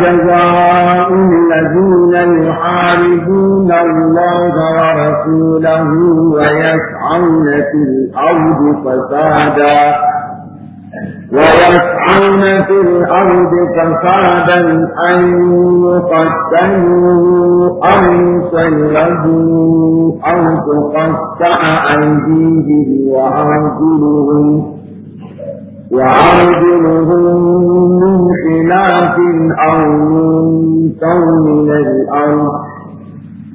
جزاء الذين يحاربون الله ورسوله ويسعون في الأرض فسادا ويسعون في الأرض فسادا أن يقتلوا أو يسلبوا أو تقطع أيديهم وأرجلهم وعاجلهم من خلاف أو من كون الأرض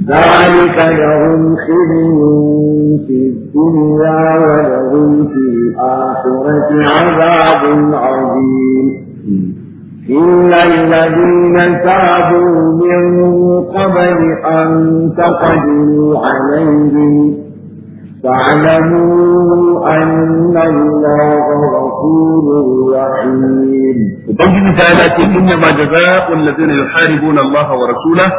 ذلك لهم خزي في الدنيا ولهم في الآخرة عذاب عظيم إلا الذين تابوا من قبل أن تقدروا عليهم واعلموا أن الله غفور رحيم وبنجد تعالى إنما جزاء الذين يحاربون الله ورسوله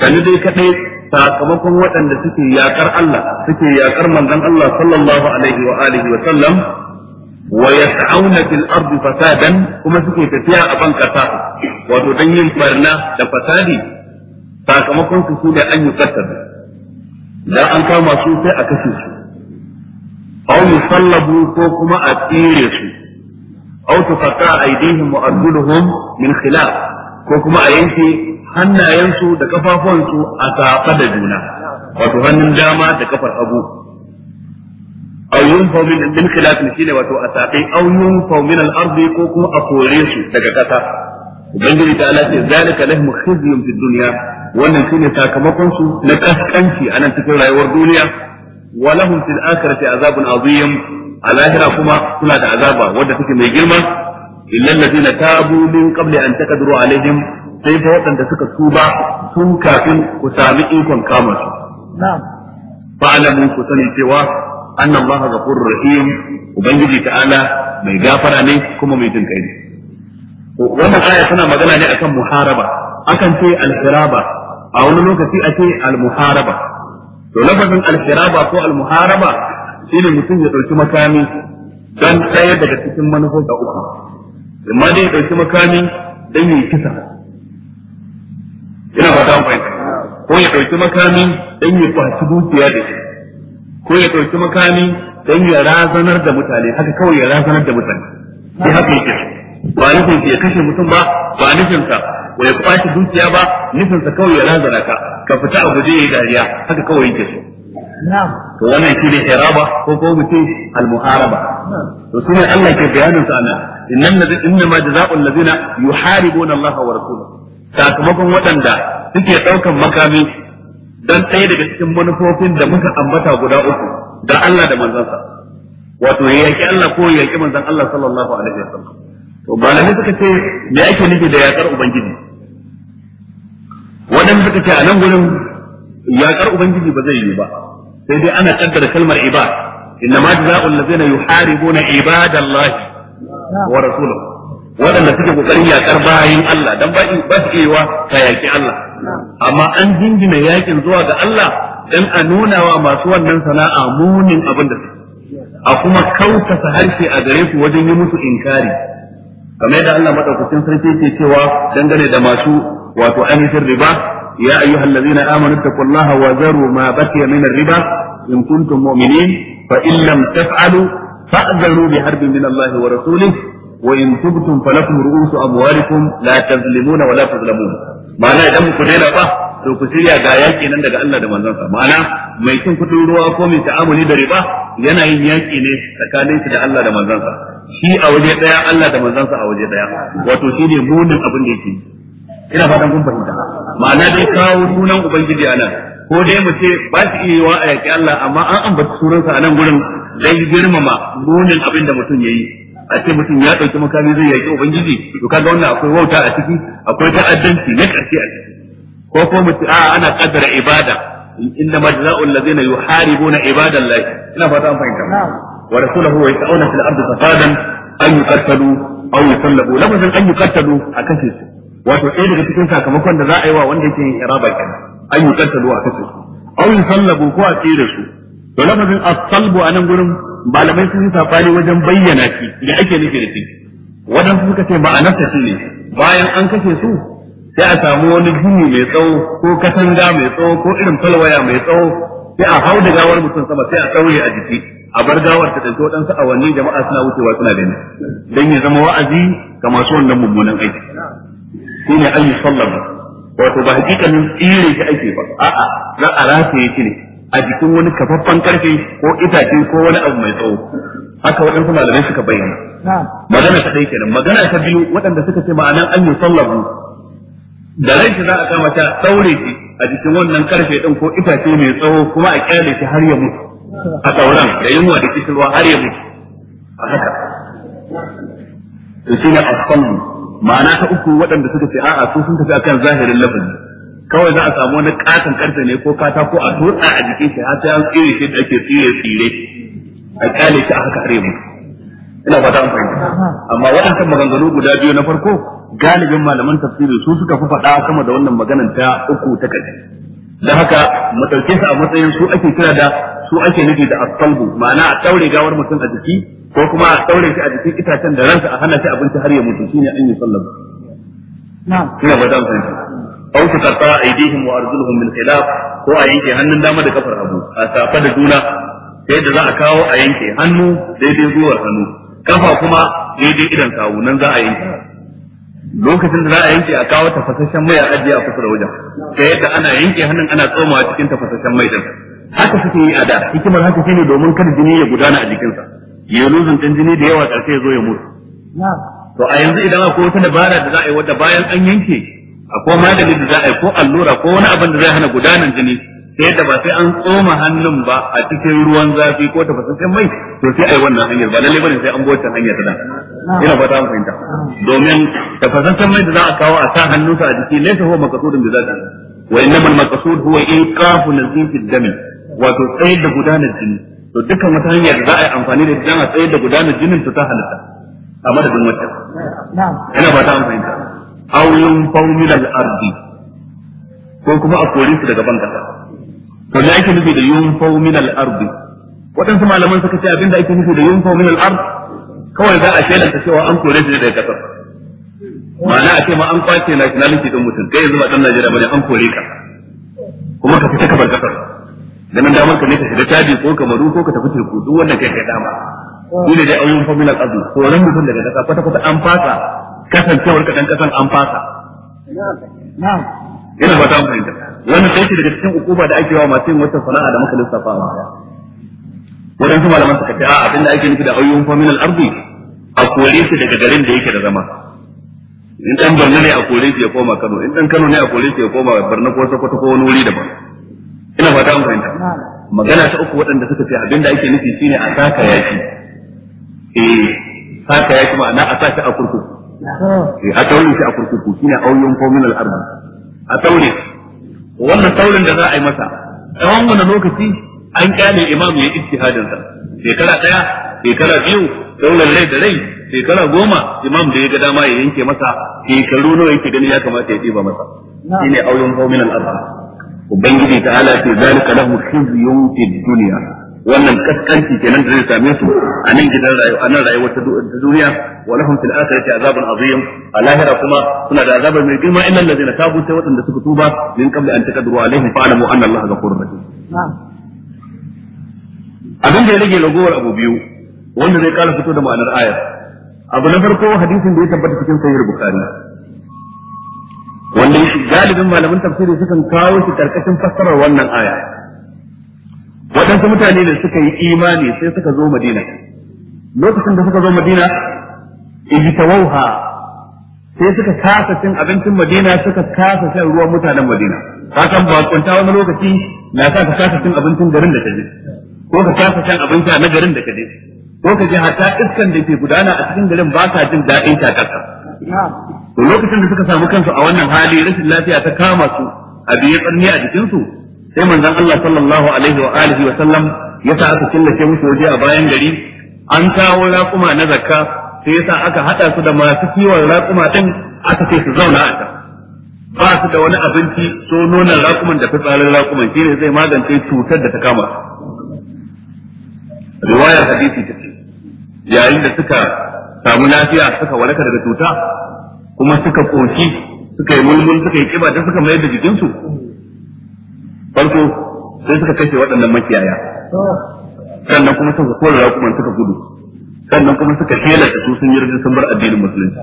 فلدي كتير sakamakon waɗanda suke yaƙar Allah suke yakar manzon Allah sallallahu alaihi wa alihi wa sallam wa yas'auna fil ardi fasadan kuma suke tafiya a ban kasa wato dan yin barna da fasadi sakamakon su ne an yi kasar dan an kama su sai a kashe su aw yusallabu ko kuma a tsire su aw tuqata aydihim wa arjuluhum min khilaf ko kuma a yanke hannayensu da kafafuwansu a tafa da juna wato hannun dama da kafar hagu aw yunfaw min min khilaf shine wato a safe aw yunfaw min al-ardi ko kuma a kore su daga kasa ubangiji ta ce zalika lahum khizyun fid dunya wannan shine sakamakon su na kaskanci a nan cikin rayuwar duniya wa lahum fil akhirati azabun azim a lahira kuma suna da azaba wadda take mai girma illa allazina tabu min qabli an taqdiru alaihim sai fa waɗanda suka tuba sun kafin ku sami ikon kama su na'am fa'lamu ku sani cewa anna allaha ghafurur rahim ubangiji ta'ala mai gafara ne kuma mai jin kai ne wannan aya tana magana ne akan muharaba akan ce al-hiraba a wani lokaci a ce al-muharaba to lafazin al-hiraba ko al-muharaba shine mutum ya dauki makami dan ɗaya daga cikin manufar da uku amma dai ya dauki makami dan yi kisa ina fata dan fahimta ko ya dauki makami dan ya kwaci dukiya da shi ko ya dauki makami dan ya razanar da mutane haka kawai ya razanar da mutane sai haka yake ba nufin ya kashe mutum ba ba nufin sa. wa ya shi dukiya ba nufin sa kawai ya razana ka ka fita a guje yi dariya haka kawai yake so to wannan shine iraba ko ko mutum al-muharaba to ne Allah ke bayanin sa nan innal inna ma jazaa'ul ladina yuharibuna Allah wa rasulahu sakamakon waɗanda suke ɗaukan makami don ɗaya daga cikin manufofin da muka ambata guda uku da Allah da manzansa wato ya Allah ko ya yaƙi manzan Allah sallallahu alaihi wasallam malamai suka ce me ake nufi da yakar ubangiji waɗanda suka ce a nan gurin yakar ubangiji ba zai yi ba sai dai ana kaddara kalmar ibad innama jazaa'ul ladzina yuharibuna ibadallahi wa rasulahu waɗanda suke kokarin yakar bayin Allah dan ba ba su ka yaki Allah amma an jingina yakin zuwa ga Allah dan a nuna wa masu wannan sana'a munin abin da su a kuma kautasa harshe a gare su wajen yi musu inkari kamar yadda Allah madaukakin sarki ke cewa dangane da masu wato ainihin riba ya ayyuhal ladzina amanu taqullaha wa zaru ma baqiya min riba in kuntum mu'minin fa in lam taf'alu fa'dharu bi harbin min Allah wa rasulih wa in tubtum falakum ru'usu amwalikum la tazlimuna wa la tuzlamuna ma'ana idan ku daina ba to ku shirya ga yaki nan daga Allah da sa ma'ana mai cin kudin ruwa ko mai ta'amuli da riba yana yin yaki ne tsakanin shi da Allah da sa shi a waje daya Allah da sa a waje daya wato shi ne munin abin da yake ina fatan kun fahimta ma'ana dai kawo sunan ubangiji a nan ko dai mu ce ba shi iya yiwa a yaki Allah amma an ambaci sa a nan gurin dai girmama munin abin da mutum yayi a ce mutum ya ɗauki makami zai yaki ubangiji to kaga wannan akwai wauta a ciki akwai ta'addanci ne ƙarshe a ciki ko ko mu a ana kaddara ibada inna majza'u allazina yuharibuna ibadallahi ina fata an fahimta wa rasuluhu wa yas'una fil ardi fasadan an yuqattalu aw yusallabu lafazin an yuqattalu a kashe su wato ɗaya daga cikin sakamakon da za a yi wa wanda yake yin iraba kenan an yuqattalu a kashe su aw yusallabu ko a tsire su to lafazin as-salbu anan gurin malamai sun yi safari wajen bayyana shi da ake nufi da shi wadansu suka ce ma'anarsa shi ne bayan an kashe su sai a samu wani gini mai tsawo ko katanga mai tsawo ko irin falwaya mai tsawo sai a hau da gawar mutum sama sai a tsaure a jiki a bar gawar ta ɗauki waɗansu awanni jama'a suna wucewa suna gani don ya zama wa'azi ga masu wannan mummunan aiki shi ne an yi sallama wato ba hakikanin tsire shi ake ba a'a za a rataye shi ne a jikin wani kafaffen karfe ko itace ko wani abu mai tsawo haka waɗansu malamai suka bayyana magana ta ɗaya kenan magana ta biyu waɗanda suka ce ma'anan an yi sallama da rai za a kama ta daure shi a jikin wannan karfe din ko itace mai tsawo kuma a kyale shi har ya mutu a tsauran da yunwa da kishirwa har ya mutu a haka to a afsan ma'ana ta uku waɗanda suka ce a'a su sun tafi akan zahirin lafazi kawai za a samu wani katon karfe ne ko katako a tutsa a jikin shi har sai an tsire shi da ake tsire tsire a kyale shi a haka har ya mutu ina fata ta fahimta amma waɗannan maganganu guda biyu na farko galibin malaman tafsiri su suka fi faɗa sama da wannan maganan ta uku ta ƙarshe Da haka mu ɗauke su a matsayin su ake kira da su ake nufi da asalbu ma'ana a ɗaure gawar mutum a jiki ko kuma a ɗaure shi a jikin itacen da ransa a hana shi abinci har ya mutu shine an yi sallama na'am ina fata ta. fahimta aw ta qarta aydihim wa arjuluhum min ko a yanke hannun dama da kafar abu a safa da juna sai da za a kawo a yanke hannu daidai zuwar hannu kafa kuma daidai idan kawo nan za a yanke lokacin da za a yanke a kawo tafasashen mai a ajiye a kusa da wajen ta yadda ana yanke hannun ana tsomawa cikin tafasasshen mai din haka suke yi a da hikimar haka shine domin kar jini ya gudana a jikinsa ya luzun din jini da yawa karshe ya zo ya mutu to a yanzu idan akwai wata dabara da za a yi wadda bayan an yanke akwai magani da za a yi ko allura ko wani abin da zai hana gudanar jini sai yadda ba sai an tsoma hannun ba a cikin ruwan zafi ko tafasasshen mai to sai ai wannan hanyar ba lalle bane sai an bota hanyar ta da ina fata an fahimta domin tafasasshen mai da za a kawo a sa hannun sa a jiki laysa huwa maqsudun bi zaka wa innama al-maqsud huwa iqafu nazif ad-dam wato tsayar da gudanar jini to dukkan wata hanyar da za a yi amfani da ita a tsayar da gudanar jinin ta halatta a madadin wata ina fata an fahimta aw yunfaw min al-ardi ko kuma a kore su daga ban kasa to da nufi da min waɗansu malaman suka ce abinda ake nufi da yunfau min al-ard kawai za a shelanta cewa an kore shi daga kasar ma'ana a ce ma an kwace nationality din mutum kai yanzu ba dan Najeriya bane an kore ka kuma ka fita ka bar kasar ganin damar ka ne ka shiga tabi ko kamaru ko ka tafi teku duk wannan kai kai dama shi ne dai an yunfau min al-ard koren mutum daga ƙasa kwata kwata an fasa kasancewar ka dan kasan an fasa na'am ina ba ta fahimta wannan sai daga cikin ukuba da ake yawa masu yin wata sana'a da maka lissafa a baya wadansu malaman suka ce a da ake nufi da ayyukan faminal ardi a kore su daga garin da yake da zama in dan Borno ne a kore shi ya koma Kano in dan Kano ne a kore shi ya koma Borno ko Sokoto ko wani wuri daban ina fata an fahimta magana ta uku waɗanda suka ce abinda ake nufi shine a saka yaki eh saka yaki ma'ana a saka a kurkuku oh. eh, a taure shi a kurkuku shine ayyukan faminal ardi a taure wannan saurin da za a yi masa tsawon wani lokaci an kyale imam ya ijtihadin sa shekara daya shekara biyu saurin rai da rai shekara goma imam da ya ga dama ya yanke masa shekaru nawa yake gani ya kamata ya ɗiba masa shine auren qaumin al-arba ubangiji ta'ala ce zalika lahu khizyun fid dunya wannan kaskanci kenan da zai same su a nan gidan rayuwa a nan rayuwar ta duniya wa lahum fil akhirati azabun azim a lahira kuma suna da azabar mai girma innal ladina tabu sai waɗanda suka tuba min qabli an taqdiru alaihim fa'lamu anna allaha ghafurur rahim abin da ya rage ragowar abu biyu wanda zai kara fito da ma'anar ayar abu na farko hadisin da ya tabbata cikin sahih bukhari wanda galibin malaman tafsiri sukan kawo shi karkashin fassarar wannan aya waɗansu mutane da suka yi imani sai suka zo madina lokacin da suka zo madina ijtawauha sai suka kasa cin abincin madina suka kasa shan ruwan mutanen madina kasan san ba kunta wani lokaci na sa ka kasa cin abincin garin da kaje ko ka kasa cin abinci na garin da kaje ko ka je hatta iskan da ke gudana a cikin garin ba ka jin daɗin takarsa to lokacin da suka samu kansu a wannan hali rashin lafiya ta kama su a biye tsanni a jikinsu sai manzon Allah sallallahu alaihi wa alihi wa sallam ya sa aka killace musu waje a bayan gari an kawo raƙuma na zakka sai yasa aka hada su da masu kiwon raƙuma din aka ce su zauna a can ba su da wani abinci so nonon raƙuman da fitsarin raƙuman shine zai magance cutar da ta kama riwayar hadisi ta ce yayin da suka samu lafiya suka waraka daga cuta kuma suka koki suka yi mulmul suka yi kiba da suka mayar da jikinsu farko sai suka kashe waɗannan makiyaya sannan kuma suka kore raƙuman suka gudu sannan kuma suka da su sun yi rajin sun bar addinin musulunci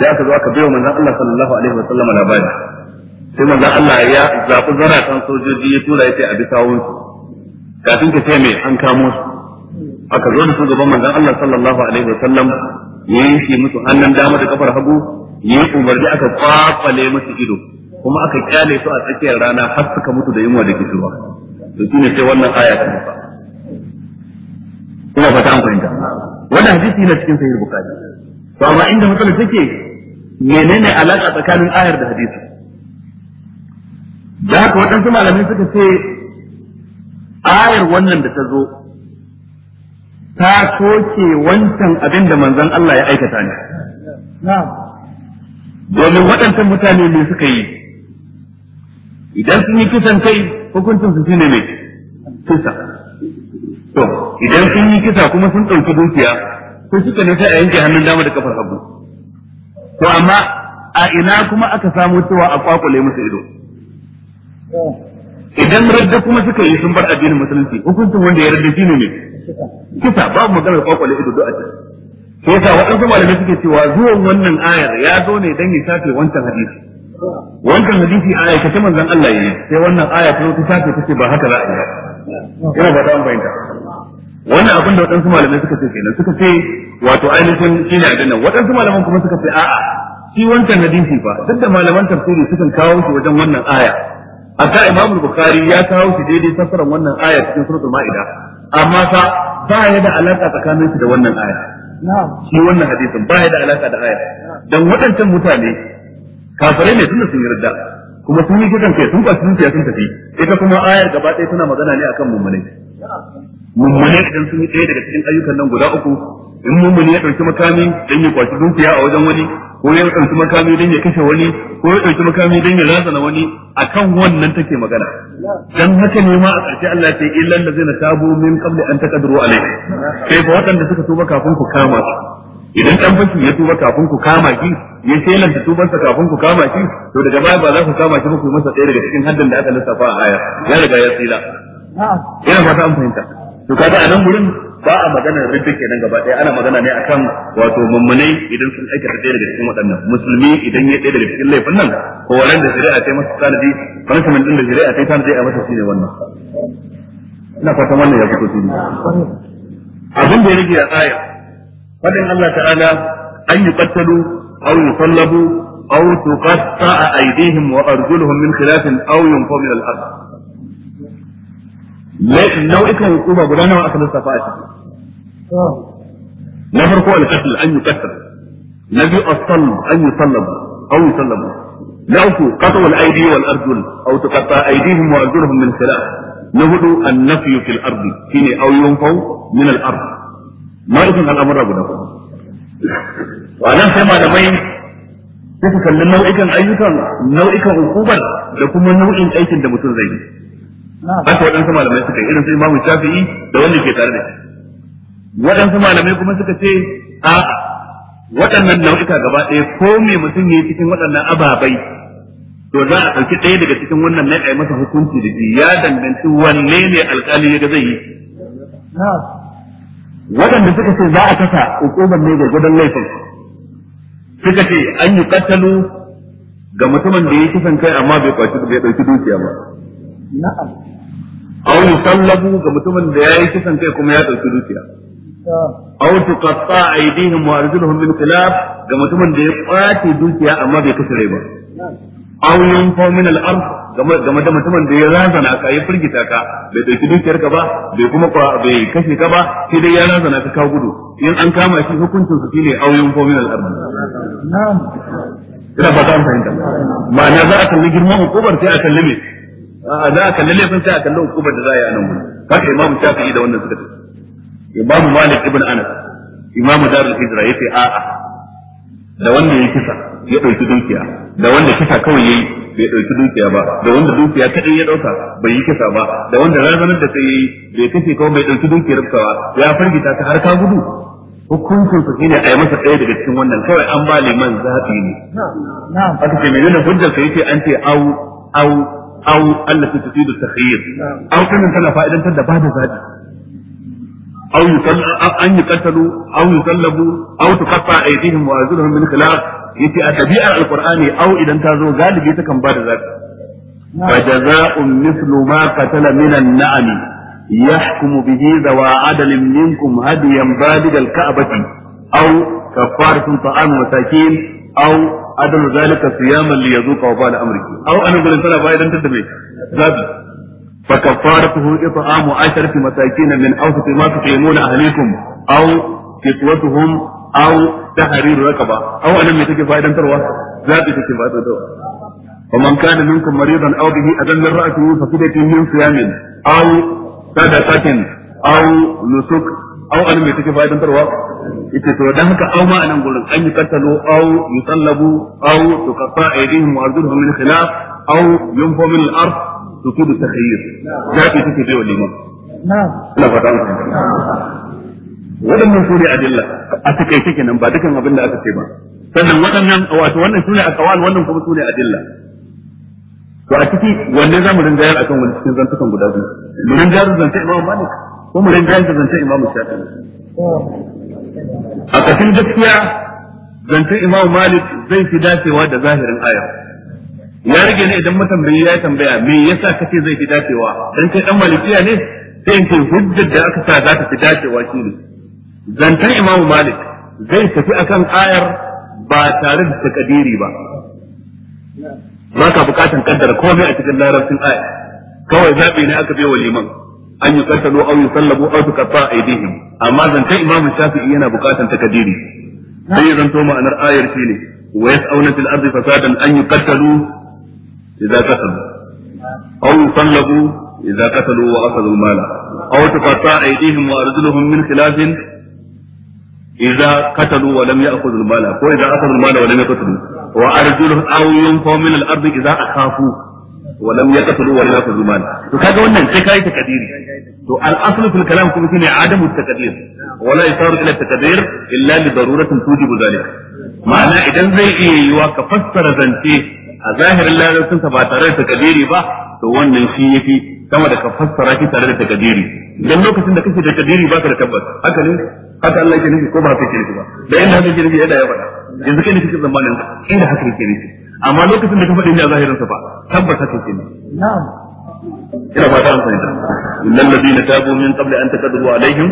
sai aka zo aka bai wa manzon Allah sallallahu alaihi wa sallam labari sai manzon Allah ya zaɓi zaratan sojoji ya tura ya ce a bisa kawun kafin ka ce mai an kamo su aka zo da su gaban manzon Allah sallallahu alaihi wa sallam ya shi musu hannun dama da kafar hagu ya umarni aka kwakwale musu ido kuma aka kyale su a tsakiyar rana har suka mutu da yunwa da kituwa to shine sai wannan aya ta nufa kuma fata an fahimta wannan hadisi yana cikin sahih bukhari to amma inda matsalar take menene alaka tsakanin ayar da hadisi da haka waɗansu malamai suka ce ayar wannan da ta zo ta soke wancan abin da manzon Allah ya aikata ne domin waɗancan mutane ne suka yi idan sun yi kisan kai hukuncin su shine mai kisa to idan sun yi kisa kuma sun ɗauki dukiya ko suka ne sai a yanke hannun dama da kafar hagu to amma a ina kuma aka samu cewa a kwakwale musu ido idan radda kuma suka yi sun bar addinin musulunci hukuncin wanda ya radda shine ne kisa babu maganar kwakwale ido duk a can sai yasa waɗansu malamai suke cewa zuwan wannan ayar ya zo ne dan ya shafe wancan hadisi wannan hadisi a aikace manzon Allah yayi sai wannan aya ta zo ta sace ba haka za a yi ina ba ta bayyana wannan abin da wadansu malamai suka ce kenan suka ce wato ainihin shine a dinnan wadansu malaman kuma suka ce a'a shi wancan hadisi fa duk da malaman tafsiri sukan kawo shi wajen wannan aya hatta imam bukhari ya kawo shi daidai tafsirin wannan aya cikin suratul maida amma fa ba ya da alaka tsakanin shi da wannan aya shi wannan hadisin ba ya da alaka da aya dan waɗancan mutane kafirai ne tunda sun yarda kuma sun yi gidan kai sun kwashi sun sun tafi ita kuma ayar gaba ɗaya tana magana ne akan mummune mummune idan sun yi ɗaya daga cikin ayyukan nan guda uku in mummune ya ɗauki makami don ya kwashi dukiya a wajen wani ko ya ɗauki makami don ya kashe wani ko ya ɗauki makami don ya razana wani akan wannan take magana dan haka ne ma a ƙarshe Allah ya ce zai na tabu min qabli an taqdiru alayhi sai fa waɗanda suka tuba kafin ku kama su idan dan fashi ya tuba kafin ku kama shi ya tuban sa kafin ku kama shi to daga baya ba za ku kama shi ba ku masa ɗaya daga cikin haddan da aka lissafa a aya ya riga ya tsira ina fata an fahimta to kaga a nan gurin ba a magana ridda kenan gaba ɗaya ana magana ne akan wato mummunai idan sun aikata ɗaya daga cikin waɗannan musulmi idan ya ɗaya daga cikin laifin nan ko wannan da shari'a ta masa sanadi punishment din da shari'a ta sanadi a masa shine wannan ina fatan wannan ya fito shi abin da ya rage a aya فمن الله تعالى أن يقتلوا أو يصلبوا أو تقطع أيديهم وأرجلهم من خلاف أو ينفوا من الأرض لكن لو إكنا يقوم بلانا وأخذوا الصفائح نفر قوة القتل أن يقتل نبي أصل أن يصلب أو يصلبوا. نأكو قطع الأيدي والأرجل أو تقطع أيديهم وأرجلهم من خلاف نهدو النفي في الأرض أو ينفوا من الأرض nau'ikan al'amura guda ku Wa nan sai malamai suka kalli nau'ikan ayyukan nau'ikan hukumar da kuma nau'in aikin da mutum zai yi haka waɗansu malamai suka yi, irin su imamu shafi'i da wanda ke tare da shi waɗansu malamai kuma suka ce a waɗannan nau'ika gaba ɗaya ko me mutum ya yi cikin waɗannan ababai to za a ɗauki ɗaya daga cikin wannan ne a yi masa hukunci da shi ya danganci wanne ne alƙali ya ga zai yi waɗanda suka ce za a kasa hukumar ne ga gudan laifin suka ce an yi katalu ga mutumin da ya kisan kai amma bai kwaci bai ɗauki dukiya ba na'am aw yusallabu ga mutumin da ya yi kisan kai kuma ya ɗauki dukiya aw tuqatta aydihim wa arjuluhum min khilaf ga mutumin da ya kwace dukiya amma bai kashe rai ba aunin ko min game da mutumin da ya razana ka ya firgita ka bai ɗauki dukiyar ka ba bai kuma bai kashe ka ba sai dai ya razana ka ka gudu in an kama shi hukuncin su shine aunin ko min al-ard na'am ina ba ta fahimta ma'ana za a kalli girman hukumar sai a kalli me za a kalli laifin sai a kalli hukumar da za a yi a nan gudu haka imamu shafi'i da wannan suka tafi imamu malik ibn anas imamu darul ya ce a'a da wanda ya kisa ya ɗauki dukiya da wanda kisa kawai yayi bai dauki dukiya ba da wanda dukiya kadai ya dauka bai yi kisa ba da wanda razanar da sai yayi bai kace kawai bai dauki dukiyar ba ya fargita ta har ka gudu hukuncin su shine a yi masa ɗaya daga cikin wannan kawai an ba liman zaɓi ne aka ce menene hujjar ka yace an ce au au au Allah ta tafi da takhir au kana tana fa'idantar da ba da zaɓi أو يقل أن يقتلوا أو يسلبوا أو تقطع أيديهم وأرجلهم من خلاف yace a tabi'ar alqur'ani au idan ta zo galibi ta kan bada zaka fa jazaa'un mithlu ma qatala minan na'am yahkumu bihi zawa adalin minkum hadiyan balid alka'bati aw kafaratun ta'am masakin aw adalu zalika siyaman li yazuqa wa bala amrihi Au an gurin tana bayan dan tadabe zabi fa kafaratuhu it'amu 10 masakin min awsati ma tu'imuna ahlikum aw kiswatuhum aw tahriru rakaba aw anan me take fa'idantarwa zabi take fa'idantarwa ومن كان منكم مريضا او به اذى من راسه ففدية من صيام او صدقة او نسك او ان مي take fa'idantarwa ita to dan haka aw ma anan gurin an yuqtalu aw yusallabu aw tuqatta aydihim wa arjuluhum min khilaf aw yunfu min al-ard tukudu takhayyur zabi take bai waɗannan su ne adilla a takaice kenan ba dukan abin da aka ce ba sannan waɗannan wato wannan su ne akawal wannan kuma su ne adilla to a ciki wanne za mu yar akan wani cikin zantukan guda biyu mu rinjayar zance imam malik ko mu rinjayar da zance imam shafi'i a ƙasin gaskiya zancen imam malik zai fi dacewa da zahirin aya ya rage ne idan matambayi ya tambaya me yasa kace zai fi dacewa dan kai dan malikiya ne sai in ce hujjar da aka sa za ta fi dacewa shi ne. zantan imamu malik zai tafi akan ayar ba tare da takadiri ba ba ka bukatan kaddara komai a cikin larabcin aya kawai zaɓi ne aka bai wa liman an yi kattalo au yi sallabo au su kafa a idihim amma zantan imamu shafi'i yana bukatan takadiri sai ya zanto ma'anar ayar shi ne wa yas'auna fil ardi fasadan an yuqattalu idza qatalu aw yusallabu idza qatalu wa akhadhu mala aw tuqatta aydihim wa arjuluhum min khilafin idza qatalu wa lam ya'khudhu al ko idza akhadhu al wa lam yaqtulu wa arjuluhum aw yunfaw min al-ardi idza akhafu wa lam yaqtulu wa to kaga wannan sai kai takdiri to al-aslu fil kalam kuma shine adamu takdir wa la yusaru ila takdir illa li daruratin tujibu dhalik ma'ana idan zai iya yiwa ka fassara zance a zahirin larabcin ba tare da ba to wannan shi yafi sama da ka fassara shi tare da lokacin da kake da baka da tabbas haka Allah ke nufi ko ba haka ke nufi ba da inda haka ke nufi yadda ya faɗa yanzu kai ne kike zamanin sa inda haka ke nufi amma lokacin da ka faɗi ne a zahirin sa ba tabbas haka ke nufi na'am ina ba ta amfani da innal ladina tabu min qabli an taqaddu alaihim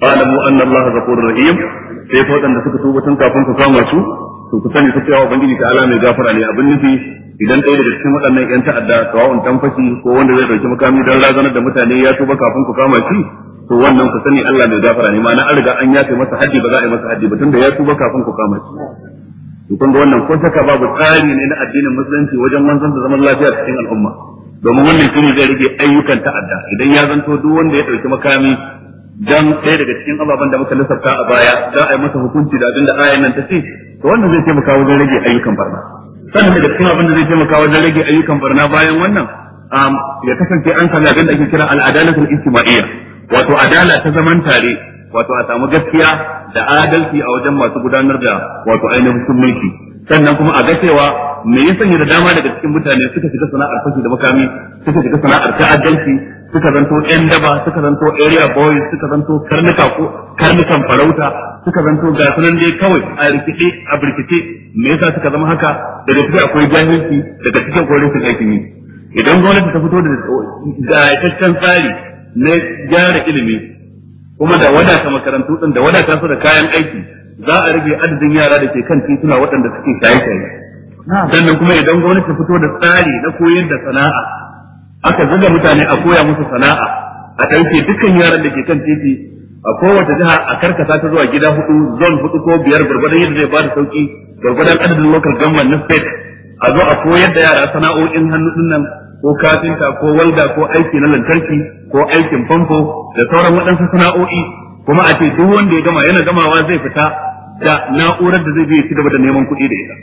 fa'lamu anna Allah ghafurur rahim sai fa wadanda suka tuba tun kafin ku kama su to ku sani cewa ubangiji ta ala mai gafara ne abin nufi idan ɗaya daga cikin waɗannan 'yan ta'adda sawa'un tan fashi ko wanda zai ɗauki makami don razanar da mutane ya tuba kafin ku kama shi to wannan ku sani Allah mai gafara ne ma'ana an riga an yafe masa haddi ba za a yi masa haddi ba tunda ya tuba kafin ku kama shi to kun ga wannan ko saka babu tsari ne na addinin musulunci wajen wanzan da zaman lafiya cikin al'umma domin wannan shine zai rage ayyukan ta'adda idan ya zanto duk wanda ya dauki makami dan ɗaya daga cikin ababen da muka lissafta a baya za a yi masa hukunci da abin da ayan nan ta ce to wannan zai taimaka wajen rage ayyukan barna sannan daga cikin abin da zai taimaka wajen rage ayyukan barna bayan wannan ya kasance an sami abin da ake kira al'adalatul ijtima'iyya wato adala ta zaman tare wato a samu gaskiya da adalci a wajen masu gudanar da wato ainihin mulki sannan kuma a ga cewa me ya sanya da dama daga cikin mutane suka shiga sana'ar fashi da makami suka shiga sana'ar ta'addanci suka zanto yan daba suka zanto area boys suka zanto karnuka ko karnukan farauta suka zanto ga sunan dai kawai a rikice a birkice me yasa suka zama haka daga cikin akwai jahilci daga cikin akwai su aikin idan gwamnati ta fito da ga tsari na gyara ilimi kuma da wadata makarantu din da wadata su da kayan aiki za a rage adadin yara da ke kan tituna waɗanda suke shaye-shaye sannan kuma idan gwamnati fito da tsari na koyar da sana'a aka zuga mutane a koya musu sana'a a ɗauke dukkan yaran da ke kan titi a kowace jiha a karkata ta zuwa gida hudu zon hudu ko biyar gurgurdan yadda zai bada sauki gurgurdan adadin local government na state a zo a koyar da yara sana'o'in hannu ɗinnan ko kafinta ko walda ko aiki na lantarki ko aikin famfo da sauran waɗansu sana'o'i kuma a ce duk wanda ya gama yana gamawa zai fita da na'urar da zai je ci gaba da neman kuɗi da ita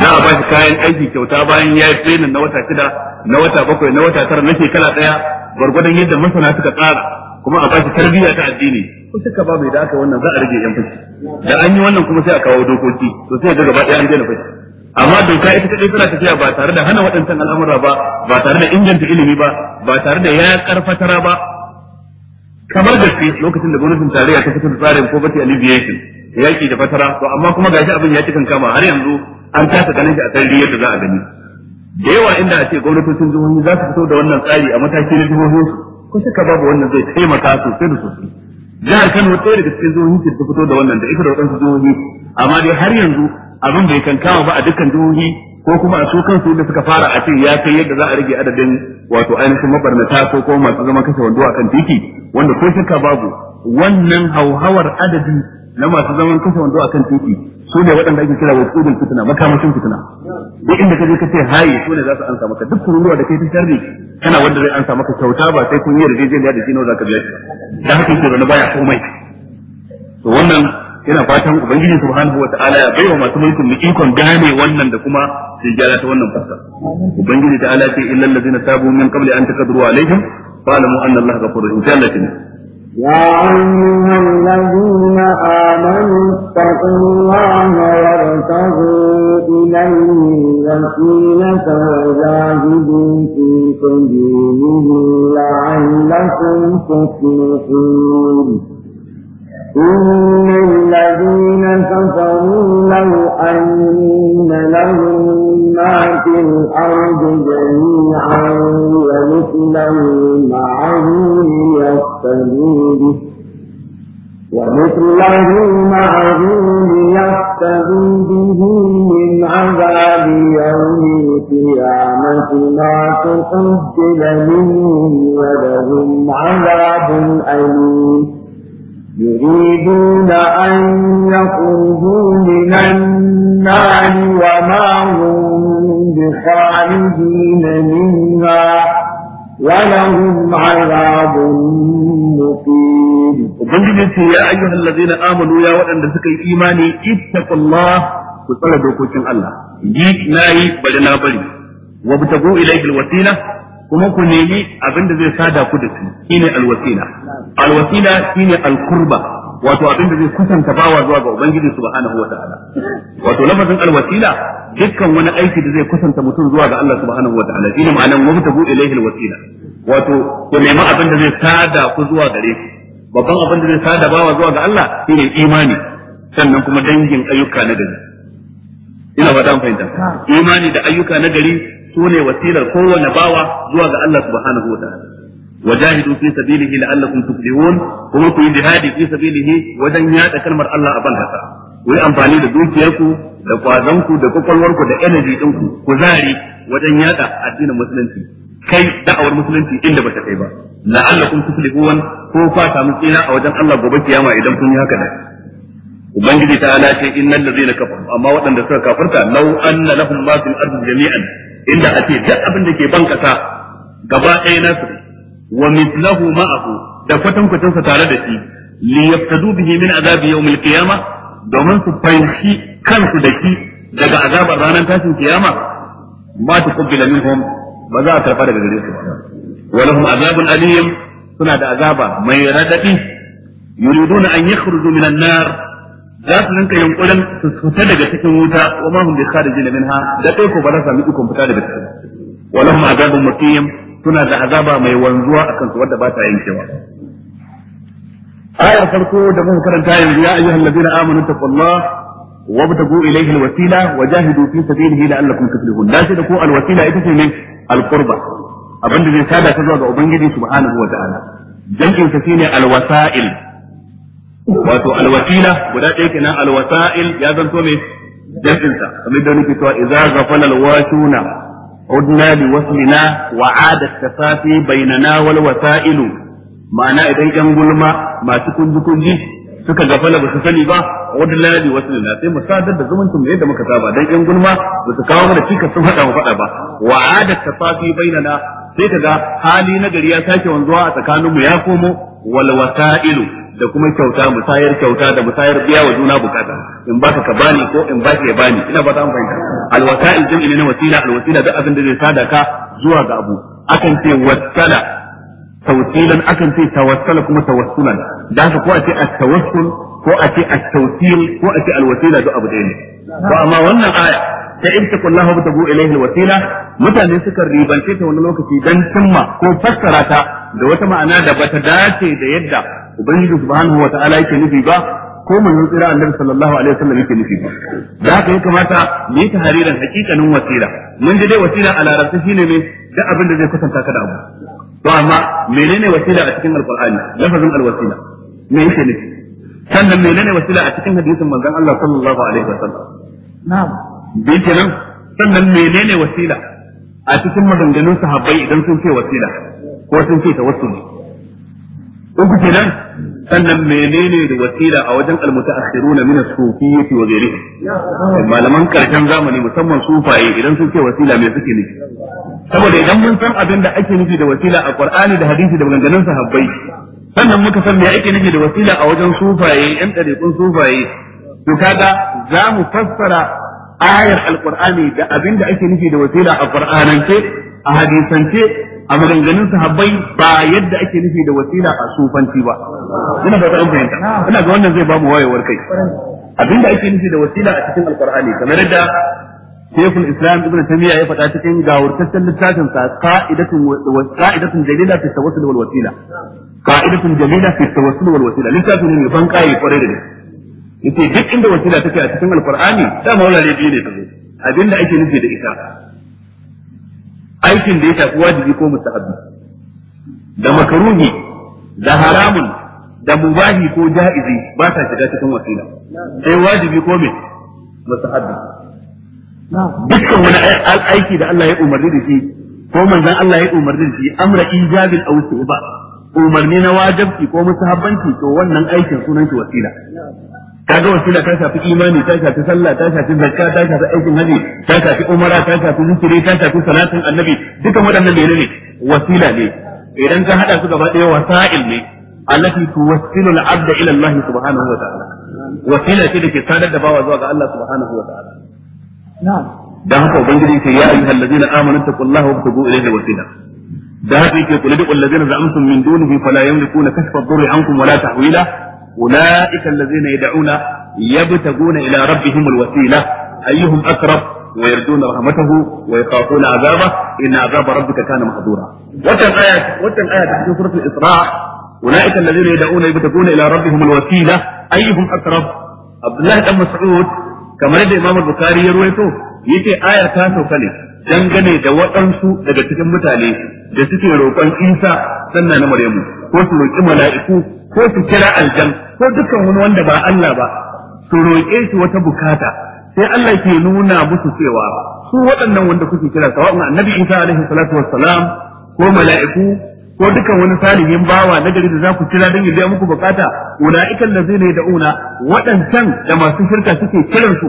za a ba shi kayan aiki kyauta bayan ya yi na wata shida na wata bakwai na wata tara na shekara ɗaya gwargwadon yadda masana suka tsara kuma a ba shi tarbiyya ta addini ko suka ba mai da aka wannan za a rage yan fashi da an yi wannan kuma sai a kawo dokoki to sai ga gaba ɗaya an daina fashi amma doka ita kadai tana tafiya ba tare da hana waɗancan al'amura ba ba tare da inganta ilimi ba ba tare da ya karfatara ba kamar da shi lokacin da gwamnatin tarayya ta fitar da tsarin poverty alleviation yaki da fatara to amma kuma gashi abin ya cikin kama har yanzu an kasa ganin shi a sarari yadda za a gani da yawa inda a ce gwamnatocin jihohi za su fito da wannan tsari a mataki na jihohinsu ko ka babu wannan zai taimaka sosai da sosai jihar Kano ɗaya daga cikin jihohi ta fito da wannan da ita da wadansu jihohi amma dai har yanzu abin bai kankama ba a dukkan jihohi ko kuma a su kansu da suka fara a ce ya kai yadda za a rage adadin wato ainihin mabarnata ko kuma masu zama kashe wando kan titi wanda ko shakka babu wannan hauhawar adadi. na masu zaman kashe wando akan titi su ne waɗanda ake kira wakudin fitina makamashin fitina duk inda ka je ka ce hayi su ne za su ansa maka duk ruwa da kai ta sharri kana wanda zai ansa maka kyauta ba sai kun yi yarjejeniya da nawa za ka biya da haka yake na baya komai to wannan ina fatan ubangiji subhanahu wa ta'ala ya baiwa masu mulkin mu ikon gane wannan da kuma sai gyara ta wannan fasa ubangiji ta'ala ce illal ladzina tabu min qabli an taqdiru alaihim fa'lamu anna allaha ghafurur rahim يا أيها الذين آمنوا اتقوا الله وابتغوا إليه الوسيلة وجاهدوا في سبيله لعلكم تفلحون إن الذين كفروا لو أن لهم ما في الأرض جميعا ومثله معه ليفتدوا به ومثله معه ليفتدوا به من عذاب يوم القيامة ما تقبل منهم ولهم عذاب أليم يريدون أن يخرجوا من النار وما هم بخارجين منها ولهم عذاب مقيم وبنجي يا أيها الذين آمنوا يا وأن تسكي إيماني اتقوا الله وصلى tsara الله Allah yi بلنا yi bari إليه الوسيلة kuma ku nemi abin da zai sada ku da su shine alwasila alwasila shine alqurba wato abin da zai kusanta bawa zuwa ga ubangiji subhanahu wataala wato lafazin alwasila dukkan wani aiki da zai kusanta mutum zuwa ga Allah subhanahu wataala shine ma'anar wabtabu ilayhi alwasila wato ku nemi abin da zai sada ku zuwa gare shi babban abin da zai sada bawa zuwa ga Allah shine imani sannan kuma dangin ayyuka na gari ina fata an fahimta imani da ayyuka na gari su ne wasilar kowane bawa zuwa ga Allah subhanahu wa ta'ala وجاهدوا في سبيله لعلكم تفلحون kuma ku yi jihadi fi sabilihi wajen yada kalmar Allah a banka ku amfani da dukiyarku da kwazanku da kwakwalwarku da energy dinku ku zari wajen yada addinin musulunci kai da'awar musulunci inda bata kai ba la'allakum tuflihun ko fa samu a wajen Allah gobe kiyama idan kun yi haka da ubangiji ta ala ce innal ladzina kafaru amma waɗanda suka kafirta law anna lahum ma fil ardi jami'an inda a ce duk abin da ke ban kasa gaba ɗaya nasu wa mislahu ma'ahu da kwatankwacin sa tare da shi li yaftadu bihi min azabi yawmil qiyamah domin su fanshi kansu da shi daga azabar ranar tashin kiyama ma tuqbila minhum ba za a karfa daga gare su ba wa lahum azabun alim suna da azaba mai radadi yuriduna an yakhruju minan nar za su ninka yunkurin su fita daga cikin wuta wa ma hum bi kharijin minha da kai ko ba za su sami fita daga cikin wa lahum azabun muqim suna da azaba mai wanzuwa akan su wadda ba ta yankewa ayar farko da muka karanta yanzu ya ayyuhal ladina amanu taqullaha wabtagu ilayhi alwasila wajahidu fi sabilihi la'allakum tuflihun da shi da ko alwasila ita ce ne alqurba abinda zai sada ta zuwa ga ubangiji subhanahu wa ta'ala jam'in sa shine alwasail wato alwasila guda ɗaya kenan alwasail ya zanto ne jam'in sa kamar da nake cewa idza ghafala alwasuna udna li waslina wa ada tasafi bainana wal wasailu ma'ana idan yan gulma masu kunji kunji suka gafala ba su sani ba udna li waslina sai mu sadar da zumuncin yadda muka saba dan yan gulma ba su kawo mana cika sun hada mu fada ba wa ada tasafi bainana sai kaga hali na gari ya sake wanzuwa a tsakaninmu ya komo wal wasailu da kuma kyauta musayar kyauta da musayar biya wa juna bukata in ba ka bani ko in ba ya bani ina ba ta an fahimta alwasa'il jam'i ne wasila alwasila da abin da zai sada ka zuwa ga abu akan ce wasala tawsilan akan ce tawassala kuma tawassulan da haka ko a ce at-tawassul ko a ce at-tawsil ko a ce alwasila da abu ɗaya ne Ko amma wannan aya ta imtaku Allah wa tabu ilayhi alwasila mutane suka ribance ta wani lokaci dan cimma ko fassara ta da wata ma'ana da bata dace da yadda ubangiji subhanahu wa ta'ala yake nufi ba ko manzon tsira annabi sallallahu alaihi wasallam yake nufi ba da haka ya kamata mu yi tahariran hakikanin wasila mun ji dai wasila a larabci shine ne da abin da zai kusanta ka da abu to amma menene wasila a cikin alqur'ani lafazin alwasila me yake nufi sannan menene wasila a cikin hadisin manzon Allah sallallahu alaihi wasallam na'am bi kenan sannan menene wasila a cikin maganganun sahabbai idan sun ce wasila ko sun ce tawassuli uku kenan sannan menene da wasila a wajen almutaakhirun min as-sufiyyah wa ghayrih malaman karshen zamani musamman sufaye idan sun ce wasila me suke nufi saboda idan mun san abin da ake nufi da wasila a qur'ani da hadisi da maganganun sahabbai sannan muka san me ake nufi da wasila a wajen sufaye yan dariqun sufaye to kaga za mu fassara ayar alqur'ani da abin da ake nufi da wasila a qur'anance a hadisance a maganganun sahabbai ba yadda ake nufi da wasila a sufanci ba ina ba ta fahimta ina ga wannan zai ba mu wayewar kai abinda ake nufi da wasila a cikin alqur'ani kamar yadda Sheikhul Islam Ibn Taymiyyah ya faɗa cikin gawurtaccen littafin sa qa'idatun wa qa'idatun jalila fi tawassul wal wasila qa'idatun jalila fi tawassul wal wasila littafin ne ban kai kwarai da gaske yace duk inda wasila take a cikin alqur'ani dama wurare biyu ne ta zo abinda ake nufi da ita aikin da ya shafi wajibi ko mustahabi da makaruhi da haramun da mubahi ko ja'izi ba ta shiga cikin wasila sai wajibi ko me mustahabi dukkan wani aiki da Allah ya umarni da shi ko manzon Allah ya umarni da shi amra ijabil aw ba umarni na wajibi ko mustahabanci to wannan aikin sunan shi wasila kaga wasila ta shafi imani ta shafi sallah ta shafi zakka ta shafi aikin haji ta shafi umara ta shafi zikiri ta shafi salatin annabi dukan waɗannan menene wasila ne idan ka hada su gaba ɗaya wasa'il ne allati tuwassilu al-abda ila Allah subhanahu wa ta'ala wasila ce da ke sadar da bawa zuwa ga Allah subhanahu wa ta'ala na'am dan haka ubangiji ce ya ayyuhal ladina amanu taqullaha wabtagu ilayhi wasila da haka yake kulli dukkan ladina za'amtum min dunihi fala yamlikuna kashfa ad-durri ankum wala tahwila أولئك الذين يدعون يبتغون إلى ربهم الوسيلة أيهم أقرب ويرجون رحمته ويخافون عذابه إن عذاب ربك كان محظورا وكان آية وكان آية في سورة الإسراء أولئك الذين يدعون يبتغون إلى ربهم الوسيلة أيهم أقرب عبد الله بن مسعود كما يدعي الإمام البخاري يرويته يتي آية تاسو كلمة dangane da waɗansu daga cikin mutane da suke roƙon Isa sannan na Maryamu ko su roƙi mala'iku ko su kira aljan ko dukkan wani wanda ba Allah ba su roƙe shi wata bukata sai Allah ke nuna musu cewa su waɗannan wanda kuke kira sawa'un annabi Isa alaihi salatu wassalam ko mala'iku ko dukan wani salihin bawa na gari da za ku kira don ya muku bukata ula'ika da yad'una waɗancan da masu shirka suke kiran su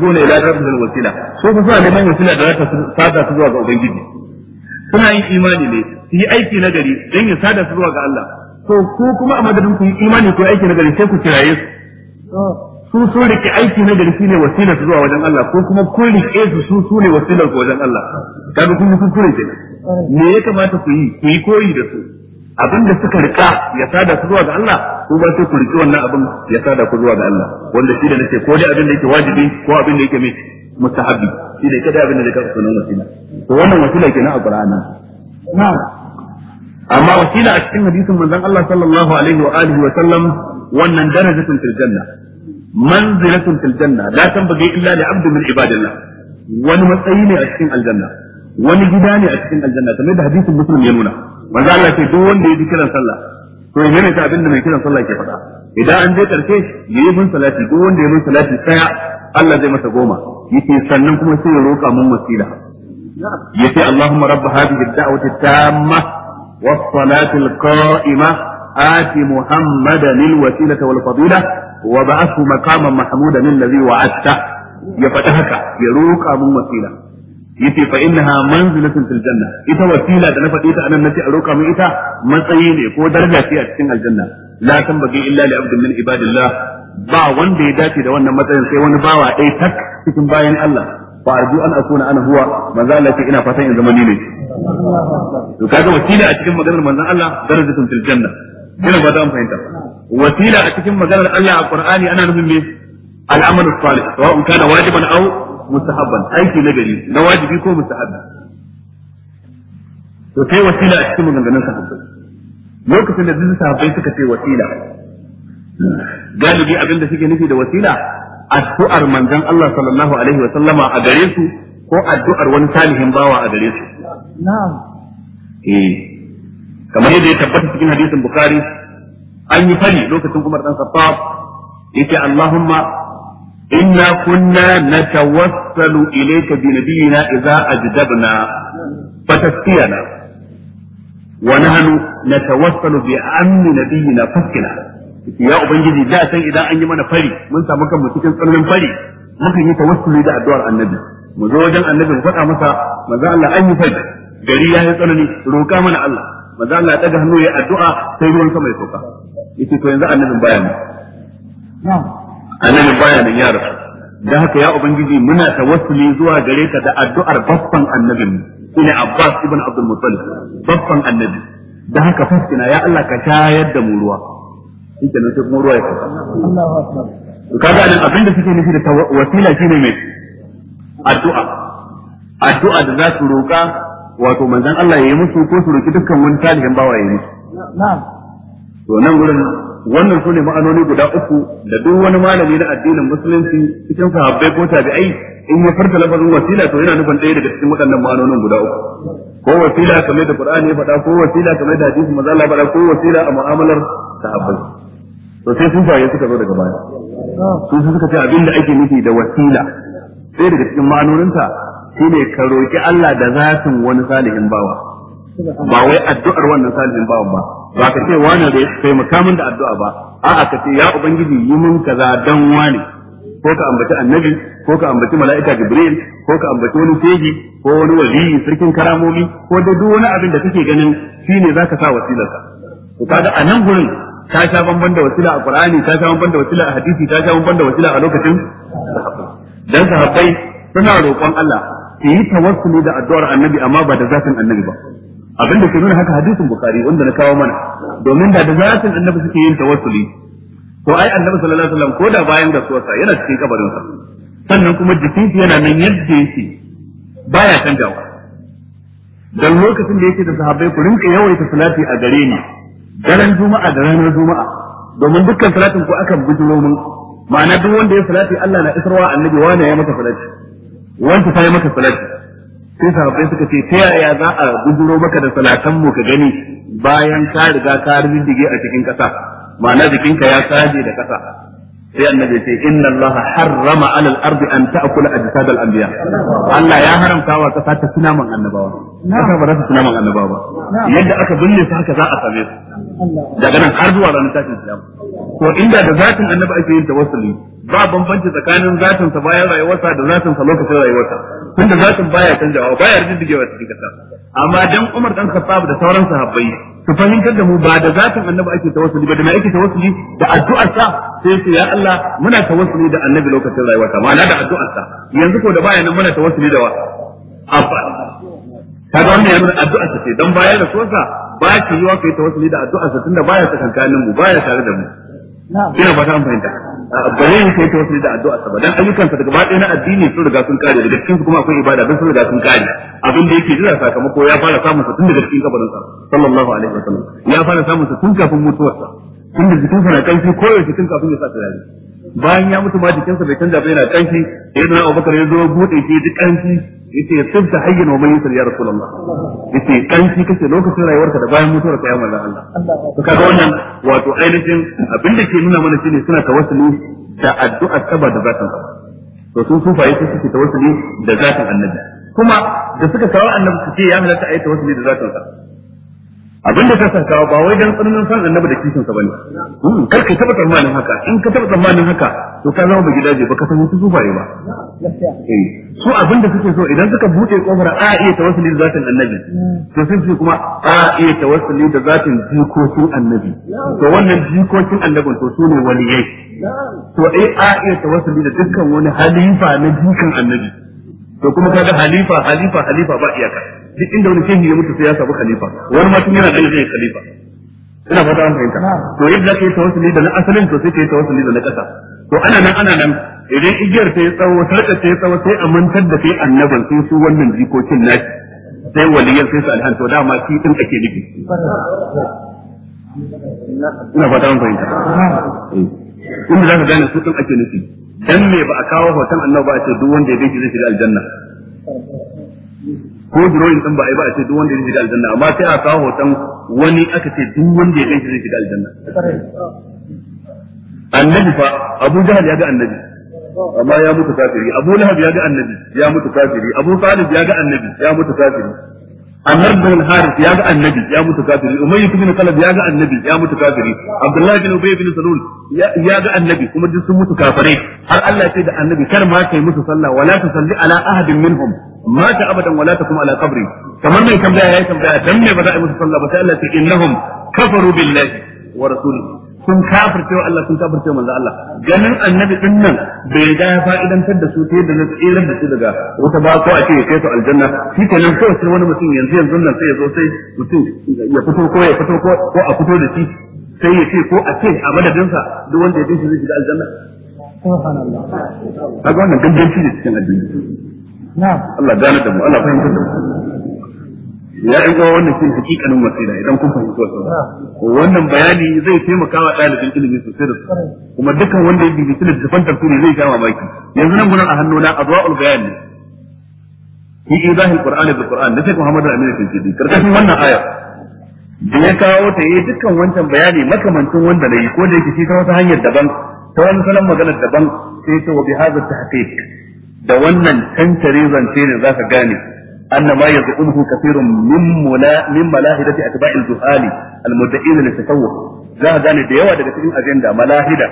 gona ila rabbil wasila so ku sa neman wasila da za ta sada su zuwa ga ubangiji kuna yin imani ne su yi aiki na gari don yin sada su zuwa ga Allah to kuma a madadin ku yi imani ku aiki na gari sai ku kiraye su su su rike aiki na gari shine wasilar su zuwa wajen Allah ko kuma kun rike su su su ne wasilar ku wajen Allah kaga kun kun kuskure ne me ya kamata ku yi ku yi koyi da su abin da suka rika ya sada su zuwa ga Allah ko ba sai ku riki wannan abin ya sada ku zuwa ga Allah wanda shi da nake ko dai abin da yake wajibi ko abin da yake mai mustahabi shi da kada abin da yake sunan wasila to wannan wasila kenan a Qur'ani na'am amma wasila a cikin hadisin manzon Allah sallallahu alaihi wa alihi wa sallam wannan darajatun fil janna manzilatun fil janna la tanbaghi illa li 'abdin min ibadillah wani matsayi ne a cikin aljanna wani gida ne a cikin aljanna kamar da hadisin muslim ya nuna manzo Allah ce duk wanda ya ji kiran sallah to ya mene ta abin da mai kiran sallah ke faɗa idan an je karshe yayi mun salati duk wanda ya mun salati tsaya Allah zai masa goma yake sannan kuma sai ya roka mun wasila yace Allahumma rabb hadhihi ad-da'wati at-tamma was-salati al-qa'ima آت محمدا الوسيلة والفضيلة وبعثه مقاما محمودا الذي وعدته يفتحك يروك mun وسيلة yace fa innaha manzilatun fil janna ita wasila da na faɗi ta anan nace a roka min ita matsayi ne ko daraja ce a cikin aljanna la tambagi illa li abdin min ibadillah ba wanda ya dace da wannan matsayin sai wani bawa ɗaya tak cikin bayan Allah fa arju an akuna ana huwa manzo Allah ce ina fatan in zama ni ne to kaga wasila a cikin maganar manzon Allah darajatun fil janna ina ba an fahimta wasila a cikin maganar Allah a Qur'ani ana nufin me al'amalu salih sawa'un kana wajiban aw mustahabban aiki na gari na wajibi ko mustahabbi to sai wasila a cikin maganganun sahabbai lokacin da duk sahabbai suka ce wasila galibi abin da suke nufi da wasila addu'ar manzon Allah sallallahu alaihi wa sallama a gare su ko addu'ar wani salihin bawa a gare su na'am eh kamar yadda ya tabbata cikin hadisin bukhari an yi fari lokacin Umar dan Khattab yake Allahumma إنا كنا نتوسل إليك بنبينا إذا أجدبنا فتسقينا ونحن نتوسل بعم نبينا فسقنا ya ubangiji da san idan an yi mana fari mun samu kanmu cikin tsananin fari muka yi tawassuli da addu'ar annabi mu zo wajen annabi mu faɗa masa manzo Allah an yi fari gari ya yi tsanani roƙa mana Allah manzo Allah ya daga hannu ya addu'a sai ruwan sama ya sauka yace baya mu annabi baya nan ya rasu da haka ya ubangiji muna tawassuli zuwa gare ka da addu'ar babban annabin ina Abbas ibn Abdul Muttalib babban annabi da haka fuskina ya Allah ka shayar da mu ruwa shike nan sai kuma ruwa ya fita Allahu akbar to kaga nan abinda suke nufi da wasila shine mai addu'a addu'a da za su roka wato manzon Allah ya yi musu ko su roki dukkan wani talibin bawa ya yi musu na'am to nan gurin wannan sune ma'anoni guda uku da duk wani malami na addinin musulunci cikin sahabbai ko tabi'ai in ya farta lafazin wasila to yana nufin ɗaya daga cikin waɗannan ma'anonin guda uku ko wasila kame da Qur'ani ya faɗa ko wasila kame da hadisi manzo Allah faɗa ko wasila a mu'amalar sahabbai to sai sun fahimci suka zo daga baya sun suka ce abinda ake nufi da wasila ɗaya daga cikin ma'anoninta shine ka roki Allah da zatin wani salihin bawa ba wai addu'ar wannan salihin bawan ba ba ka ce wani da taimaka min da addu'a ba a'a ka ce ya ubangiji yi min kaza dan wani ko ka ambaci annabi ko ka ambaci mala'ika jibril ko ka ambaci wani sheji ko wani wali sarkin karamomi ko da duk wani abin da kake ganin shine zaka sa wasilar. ka to kaga a nan gurin ta sha bamban da wasila a Qur'ani ta sha bamban da wasila a hadisi ta sha bamban da wasila a lokacin dan sahabbai suna roƙon Allah yi tawassuli da addu'ar annabi amma ba da zatin annabi ba abin da ke nuna haka hadisin bukhari wanda na kawo mana domin da da zatin annabi suke yin tawassuli to ai annabi sallallahu alaihi wasallam ko da bayan rasuwarsa yana cikin kabarin sa sannan kuma jikin yana nan yadda yake baya canjawa dan lokacin da yake da sahabbai ku rinka yawaita salati a gare ni daren juma'a da ranar juma'a domin dukkan salatin ku akan bujuro mun ma'ana duk wanda ya salati Allah na isarwa annabi wanda ya maka salati wanda ta yi maka salati sai sahabbai suka ce ta yaya za a guduro maka da salatan mu ka gani bayan ka riga ka rindige a cikin ƙasa, ma'ana jikinka ya saje da ƙasa. sai annabi ce inna allaha harrama ala al-ard an ta'kula ajsad al-anbiya Allah ya haramta wa kasa ta tunaman annabawa kasa ba za ta tunaman annabawa ba yadda aka binne su haka za a same su daga nan har zuwa ranar tashin kiyama ko inda da zatin annabi ake yin tawassuli ba bambanci tsakanin zatin sa bayan rayuwarsa da zatin sa lokacin rayuwarsa tunda zatin baya canjawa baya rijin digewa cikin kasa amma dan Umar dan Khattab da sauran sahabbai su fahimtar da mu ba da zatin annabi ake tawassuli ba da mai ake tawassuli da addu'ar sa sai su ya Allah muna tawassuli da annabi lokacin rayuwar sa ma'ana da addu'ar sa yanzu ko da baya nan muna tawassuli da wa abba kaga wannan ya nuna addu'ar sa ce dan bayar da sosa ba ya ki yi wa kai tawassuli da addu'ar sa tunda baya tsakankanin mu baya tare da mu ina ba ta fahimta ba zai sai ta wasu da addu'a sa ba dan ayyukansa daga baɗe na addini sun riga sun kare daga cikin kuma akwai ibada don sun riga sun kare abin da yake jira sakamako ya fara samun sa tun daga cikin kabarin sa sallallahu alaihi wasallam ya fara samun sa tun kafin mutuwar sa tun da jikinsa na kanshi koyaushe tun kafin ya sa turare bayan ya mutu ma jikinsa bai canza ba yana kanshi sai na Abubakar ya zo bude shi duk kanshi yace tsibta hayyan wa mayyitan ya rasulullah yace kanci kace lokacin rayuwarka da bayan mutuwar ka ya manzon Allah to kaga wannan wato ainihin abinda ke nuna mana shine suna tawassuli da addu'a saba da zatin to sun sufaye su suke tawassuli da zatin annabi kuma da suka kawo annabi su ce ya halatta ayi tawassuli da zatin sa abin da ka sanka ba wai dan tsananin san annabi da kishin sa bane hmm, kar ka taba tsammanin haka in ka taba tsammanin haka to ka zama gidaje ba ka san wasu zuwa ba eh, su abin da suke so idan suka bude kofar a iya tawassuli da zatin annabi to sun ce kuma a iya tawassuli da zatin jikokin annabi to wannan jikokin annabin to sune waliyai to eh a iya tawassuli da dukkan wani halifa na jikan annabi to kuma kaga halifa halifa halifa ba iyaka duk inda wani shehi ya mutu sai ya samu halifa wani ma tun yana da zai Khalifa. ina fata an fahimta to yadda kai tawassuli da na asalin to sai kai tawassuli da na kasa to ana nan ana nan idan igiyar ta yi tsawo sarka ta yi tsawo sai a mantar da kai annaban sai su wannan jikokin nashi sai waliyar sai su alhan to dama shi din ake nufi ina fata an fahimta eh. inda za ka gane su din ake nufi dan me ba a kawo hoton annabi ba a ce duk wanda ya gaishe zai shiga aljanna ko drawing din ba a yi ba a ce duk wanda ya shiga aljanna amma sai a kawo hoton wani aka ce duk wanda ya gaishe zai shiga aljanna annabi fa Abu Jahal ya ga annabi amma ya mutu kafiri Abu Lahab ya ga annabi ya mutu kafiri Abu Talib ya ga annabi ya mutu kafiri Amr bin Harith ya ga annabi ya mutu kafiri Umayy bin Khalaf ya ga annabi ya mutu kafiri Abdullah bin Ubay bin Salul ya ga annabi kuma duk sun mutu kafirai har Allah ce da annabi kar ma kai musu sallah wala ta salli ala ahadin minhum mata abadan wala kuma ala qabri kamar mai tambaya yayi tambaya dan me ba za a yi musu sallah ba sai Allah ce innahum kafaru billahi wa rasulihi sun kafirce Allah sun kafirce manzo Allah ganin annabi din nan bai ga ya fa'idantar da su ta yadda zai tsirar da su daga wata ba ko a ce kai su aljanna shi kenan kawai sai wani mutum yanzu yanzu nan sai ya zo sai mutum ya fito ko ya fito ko ko a fito da shi sai ya ce ko a ce a madadin sa duk wanda ya dinshi zai shiga aljanna subhanallah kaga wannan dangantaci ne cikin addini na'am Allah gane da mu Allah fahimtar da mu ya ɗan uwa wannan shi hakikanin wasila idan kun fahimci wasu wannan bayani zai taimaka wa ɗalibin ilimi sosai da kuma dukkan wanda ya bibici littafan tafsiri zai sha baki. yanzu nan gunan a hannu hannuna adwa'ul bayan ne fi izahil qur'ani bil qur'an da sai Muhammadu Aminu Tinkidi karkashin wannan aya da ya kawo ta yi dukkan wancan bayani makamancin wanda na yi ko da yake shi ta wata hanyar daban ta wani salon maganar daban sai ta wa bi hadha tahqiq da wannan tantare zance ne za ka gane أن ما يزعمه كثير من ملا من ملاهدة أتباع الجهال المدعين للتسوق زاهدان da yawa daga cikin ajenda malahida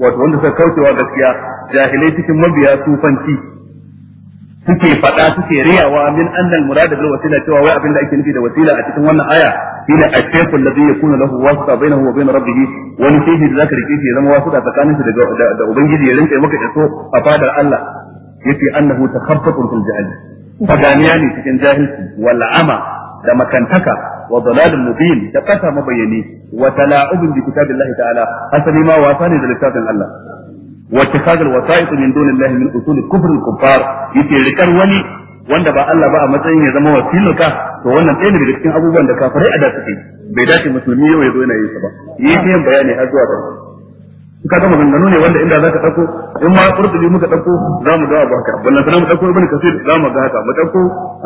wato wanda suka kaucewa gaskiya jahilai cikin mabiya tufanci suke faɗa suke riyawa min annal murada bil wasila cewa wai abin da ake nufi da wasila a cikin wannan aya shine ashayfu alladhi yakunu lahu wasita bainahu wa bain rabbih wani shehi da zaka rike shi ya zama wasita tsakanin shi da ubangiji ya rinka maka yaso a fadar Allah yace annahu takhabbatun fil jahannam fadaniya ne cikin jahilci wa ama da makantaka wa dalalun mubin da kasa mabayani wa tala'ubun bi kitabillahi ta'ala asali ma wasa ne da littafin Allah wa ittikhadul wasa'it min dunillahi min usul kufr al-kuffar yake rikar wani wanda ba Allah ba a matsayin ya zama wasilaka to wannan ɗaya ne daga cikin abubuwan da kafirai a da suke bai dace musulmi yau ya zo yana yin sa ba yi ta yin bayani har zuwa ƙarshe ka ga maganganu ne wanda inda zaka dauko in ma qurtubi muka dauko za mu dawo baka ballan sanan mu dauko ibn kasir za mu ga haka mu dauko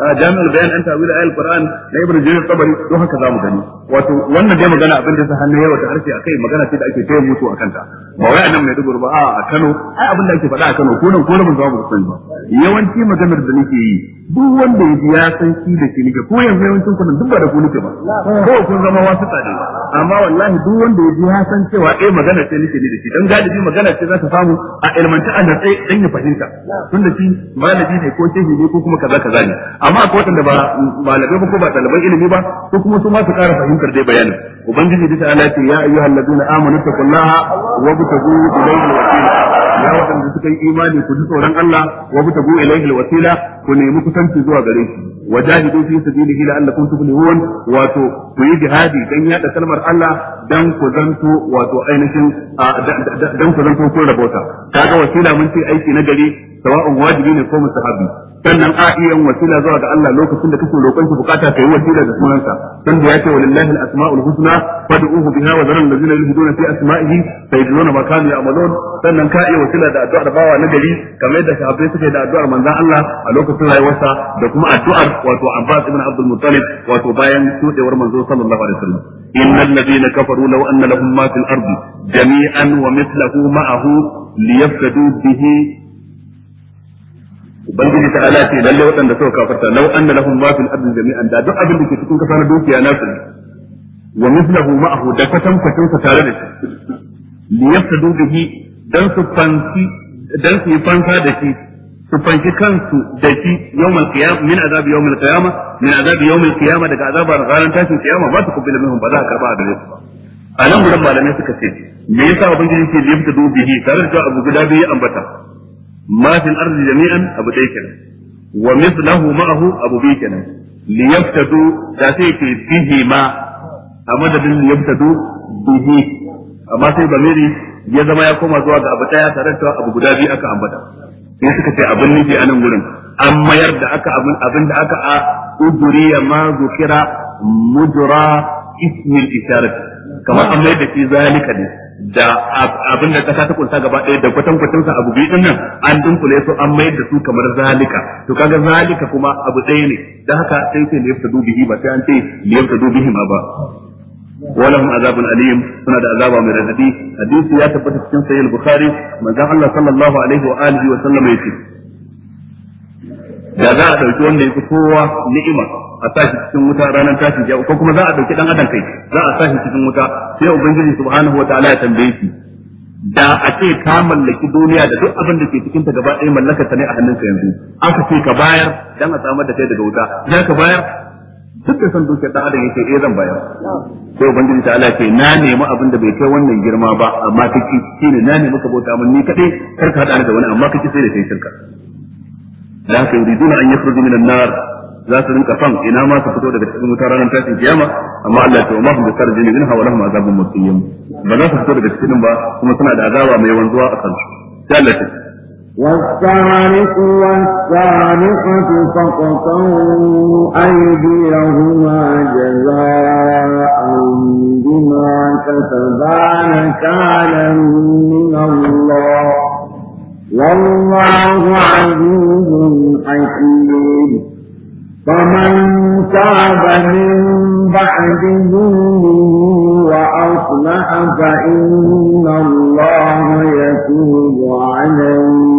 ah, jami'ul bayan an tawil ayal qur'an na ibn jarir tabari don haka za mu gani wato wannan dai magana abin da sa hannu yawa ta harshe akai magana ce da ake taya mutu a ta ba wai anan mai dubur ba a Kano ai abin da ake faɗa a Kano ko nan ko nan za mu san ba yawanci maganar da nake yi duk wanda ya ji ya san shi da shi nake ko yanzu yawancin ku nan duk ba da ku nake ba ko kun zama wasu tsare amma wallahi duk wanda ya ji ya san cewa eh magana ce nake ni da Idan galibi magana ce za ta samu a ilmanta a natsa dan ya fahimta tun da shi malami ne ko shehi ne ko kuma kaza kaza ne amma akwai wanda ba malamai ba ko ba ɗaliban ilimi ba ko kuma su ma su ƙara fahimtar dai bayanin ubangiji bisa Allah ce ya ayyuhal ladina amanu taqullaha wa butu ilayhi wasila ya wanda suka yi imani ku ji tsoron Allah wa butu ilayhi wasila ku nemi kusanci zuwa gare shi wajahidu fi sabilihi la'allakum tuflihun wato ku yi jihadi dan yada kalmar Allah dan ku zanto wato ainihin dan ku zanto kun rabota kaga wasila mun ce aiki na gari sawa'un wajibi ne ko mustahabi sannan a iya wasila zuwa ga Allah lokacin da kake roƙon shi bukata kai wasila da sunansa dan da yake walillahi al-asma'ul husna fad'uhu biha wa zaral ladina yuhduna fi asma'ihi sayajiduna ma kanu ya'malun sannan ka iya wasila da addu'ar bawa na gari kamar yadda sahabbai suka da addu'ar manzon Allah a lokacin lokacin rayuwarsa da kuma addu'ar wato Abbas ibn Abdul Muttalib wato bayan tudewar manzo sallallahu alaihi wasallam innal ladina kafaru law anna lahum ma fil ardi jami'an wa mithluhu ma'ahu liyaftadu bihi ubangiji ta ala ce lalle waɗanda suka kafarta law anna lahum ma fil ardi jami'an da duk abin da ke cikin kasa na dukiya wa mithluhu ma'ahu da sa tare da shi bihi dan su fansi dan su fansa da shi su fanki kansu da shi min azabi yawmal qiyama daga azabar ranar tashin qiyama ba su kubbila minhum ba za a karba a gare su a nan gudan malamai suka ce me yasa ubangiji ke lifta dubihi tare da abu guda biyu ambata ma fil ardi jami'an abu dai kenan wa mithlahu ma'ahu abu bi kenan liyaftadu da sai ke bihi ma a madadin liyaftadu sai bamiri ya zama ya koma zuwa ga abu daya tare da abu guda biyu aka ambata sai suka ce abin nufi a nan gurin an mayar da aka abin da aka a ya ma zukira mudura ismin isharat kamar an mayar da shi zalika ne da abin da kasa ta kunsa gaba ɗaya da kwatan kwatan sa abu biyu nan an dunkule su an mayar da su kamar zalika to kaga zalika kuma abu ɗaya ne da haka sai sai ne yafta dubihi ba sai an ce ne yafta dubihi ma ba ولهم عذاب azabun هنا ده عذاب من mai حديث يا ya tabbata سيد البخاري al-bukhari manzon Allah sallallahu alaihi wa alihi wa sallam yace da za a dauki wanda yafi kowa ni'ima a sashi cikin wuta ranar tashi jiya ko kuma za a dauki dan adam kai za a tashi cikin wuta sai ubangiji subhanahu wataala ya tambaye shi da a ce ka mallaki duniya da duk abin da ke cikin ta gaba ɗaya mallakar ta ne a hannunka yanzu aka ce ka bayar dan a samar da kai daga wuta ya ka bayar duk da son dukiyar dan adam yace eh zan bayar sai ubangiji ta Allah ce na nemi abin da bai kai wannan girma ba amma kake shine na nemi ka bauta mun ni kade kar ka hada da wani amma kake sai da kai shirka da haka yuriduna an yakhruju minan nar za su rinka son ina ma su fito daga cikin wutar ranar tashin kiyama amma Allah ya ce ma hum bi sarjini minha wa lahum azabun muqim ba za su fito daga cikin ba kuma suna da azaba mai wanzuwa a kansu sai Allah ya والسارق والسارقة فقطعوا أيديهما جزاء بما كسبا نكالا من الله والله عزيز حكيم فمن تاب من بعد ظلمه وأصلح فإن الله يتوب عليه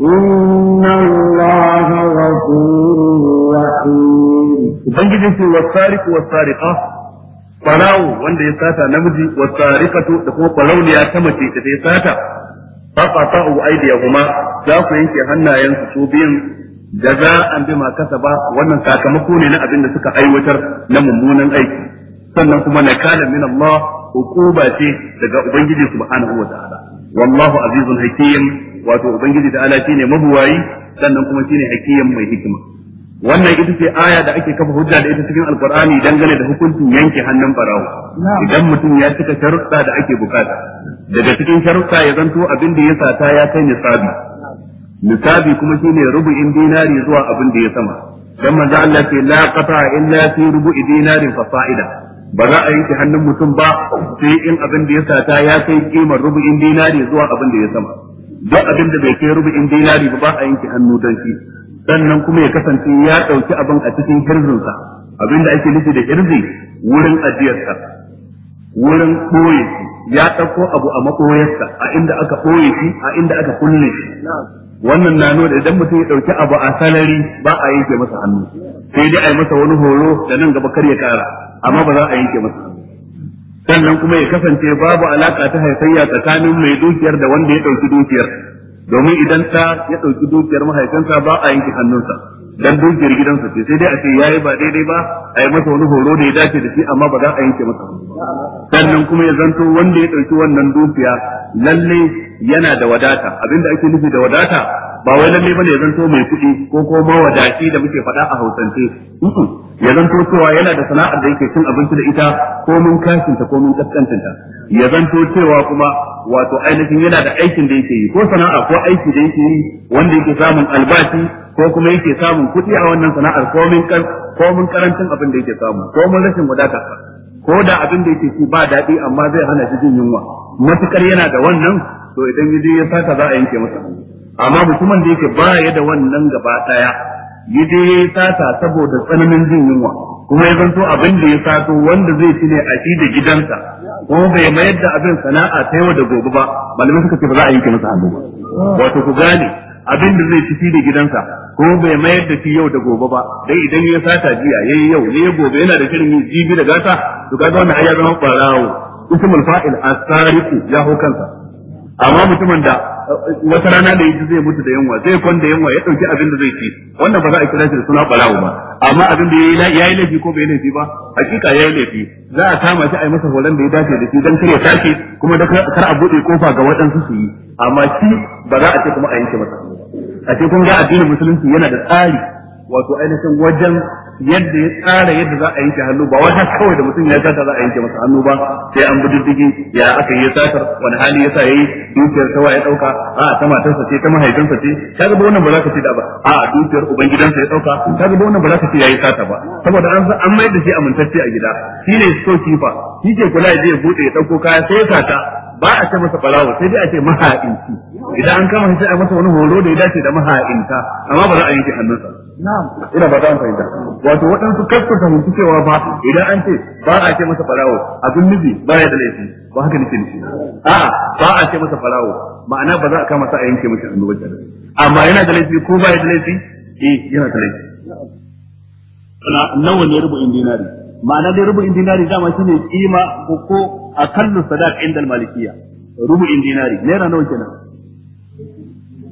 إن Ubangiji ce wa sariku wa sarika farawo wanda ya sata namiji wa sarikatu da kuma farauniya ta mace da ta sata uku fa ya aydiyahuma za ku yanke hannayensu su biyun bi kasa ba? wannan sakamako ne na abin da suka aiwatar na mummunan aiki sannan kuma nakala min Allah hukuba ce daga ubangiji subhanahu wa ta'ala wallahu azizun hakim wato ubangiji da ala ne mabuwayi sannan kuma shine hakim mai hikima wannan ita ce aya da ake kafa hujja da ita cikin alqur'ani dangane da hukuncin yanke hannun barawo idan mutum ya cika sharuɗa da ake bukata daga cikin sharuɗa ya zanto abin da ya sata ya kai nisabi nisabi kuma shine rubu'in dinari zuwa abin da ya sama dan manzo Allah ce la qata illa fi rubu'i dinarin fa fa'ida ba za a yanke hannun mutum ba sai in abin da ya sata ya kai kimar rubu'in dinari zuwa abin da ya sama duk abin da bai kai rubu'in dinari ba ba a yanke hannu don shi sannan kuma ya kasance ya ɗauki abin a cikin hirzinsa abin da ake nufi da hirzi wurin ajiyarsa wurin ɓoye shi ya ɗauko abu a maɓoyarsa a inda aka ɓoye shi a inda aka kulle shi wannan na nuna idan mutum ya dauki abu a salari ba a yanke masa hannu sai dai a yi masa wani horo da nan gaba kar ya kara amma ba za a yanke masa hannu sannan kuma ya kasance babu alaka ta haifayya tsakanin mai dukiyar da wanda ya dauki dukiyar domin idan ta ya dauki dukiyar mahaifinsa ba a yanke hannunsa dan dukiyar gidansa ce sai dai a ce yayi ba daidai ba a yi masa wani horo da ya dace da shi amma ba za a yanke masa hannu sannan kuma ya zanto wanda ya dauki wannan dukiya lallai. yana da wadata abinda ake nufi da wadata ba wai lalle bane zan to mai kuɗi ko ko ma wadaci da muke faɗa a hausance ya zanto cewa yana da sana'ar da yake cin abinci da ita ko mun kashinta ko mun ta ya zanto cewa kuma wato ainihin yana da aikin da yake yi ko sana'a ko aiki da yake yi wanda yake samun albashi ko kuma yake samun kuɗi a wannan sana'ar ko mun karancin abin da yake samu ko mun rashin wadatar ko da abin da yake ci ba daɗi amma zai hana shi jin yunwa matukar yana da wannan to idan ya ya saka za a yanke masa amma mutumin da yake ba ya da wannan gaba ɗaya ya ya sata saboda tsananin jin yunwa kuma ya zanto abin da ya sato wanda zai ci ne a shi da gidansa ko bai mayar da abin sana'a ta yau da gobe ba malamai suka ce ba za a yanke masa hannu ba wato ku gane abin da zai tafi da gidansa ko bai mayar da shi yau da gobe ba dai idan ya sata jiya yayi yau ne gobe yana da shirin yin jibi da gasa, to kaga wannan ayyaban ya barawo ismul fa'il asariku ya hau kansa amma mutumin da wata rana da yanzu zai mutu da yunwa zai kwanda yunwa ya dauki abin da zai ci wannan ba za a kira shi da suna balawo ba amma abin da yayi yayi laifi ko bai laifi ba hakika yi laifi za a kama shi a yi masa horon da ya dace da shi dan kare tashi kuma da kar a bude kofa ga waɗansu su yi amma shi ba za a ce kuma a yanke masa a ce kun ga addinin musulunci yana da tsari wato ainihin wajen yadda ya tsara yadda za a yanke hannu ba wajen kawai da mutum ya sata za a yanke masa hannu ba sai an bi ya aka yi satar wani hali ya sa yayi dukiyar sawa ya dauka a ta matarsa ce ta mahaifinsa ce ta ga wannan ba za ka ce da ba a dukiyar ubangidansa ya dauka ta ga wannan ba za ka ce yayi sata ba saboda an an mai da shi amintacce a gida shi ne so kifa shi ke kula ya ya bude ya dauko kaya sai ya sata ba a ce masa balawo sai dai a ce maha'inci idan an kama shi sai a masa wani horo da ya dace da maha'inta amma ba za a yanke hannunsa ina ba ta da. wato waɗansu kasu fahimci cewa ba idan an ce ba a ce masa farawo abin nufi ba ya da laifi ba haka nake nufi a'a ba a ce masa farawo ma'ana ba za a kama sa a yanke masa annoba da. amma yana da laifi ko ba ya da laifi eh yana da laifi nawa ne in dinari ma'ana dai in dinari dama ne kima ko ko akallu sadaq inda malikiya in dinari naira nawa kenan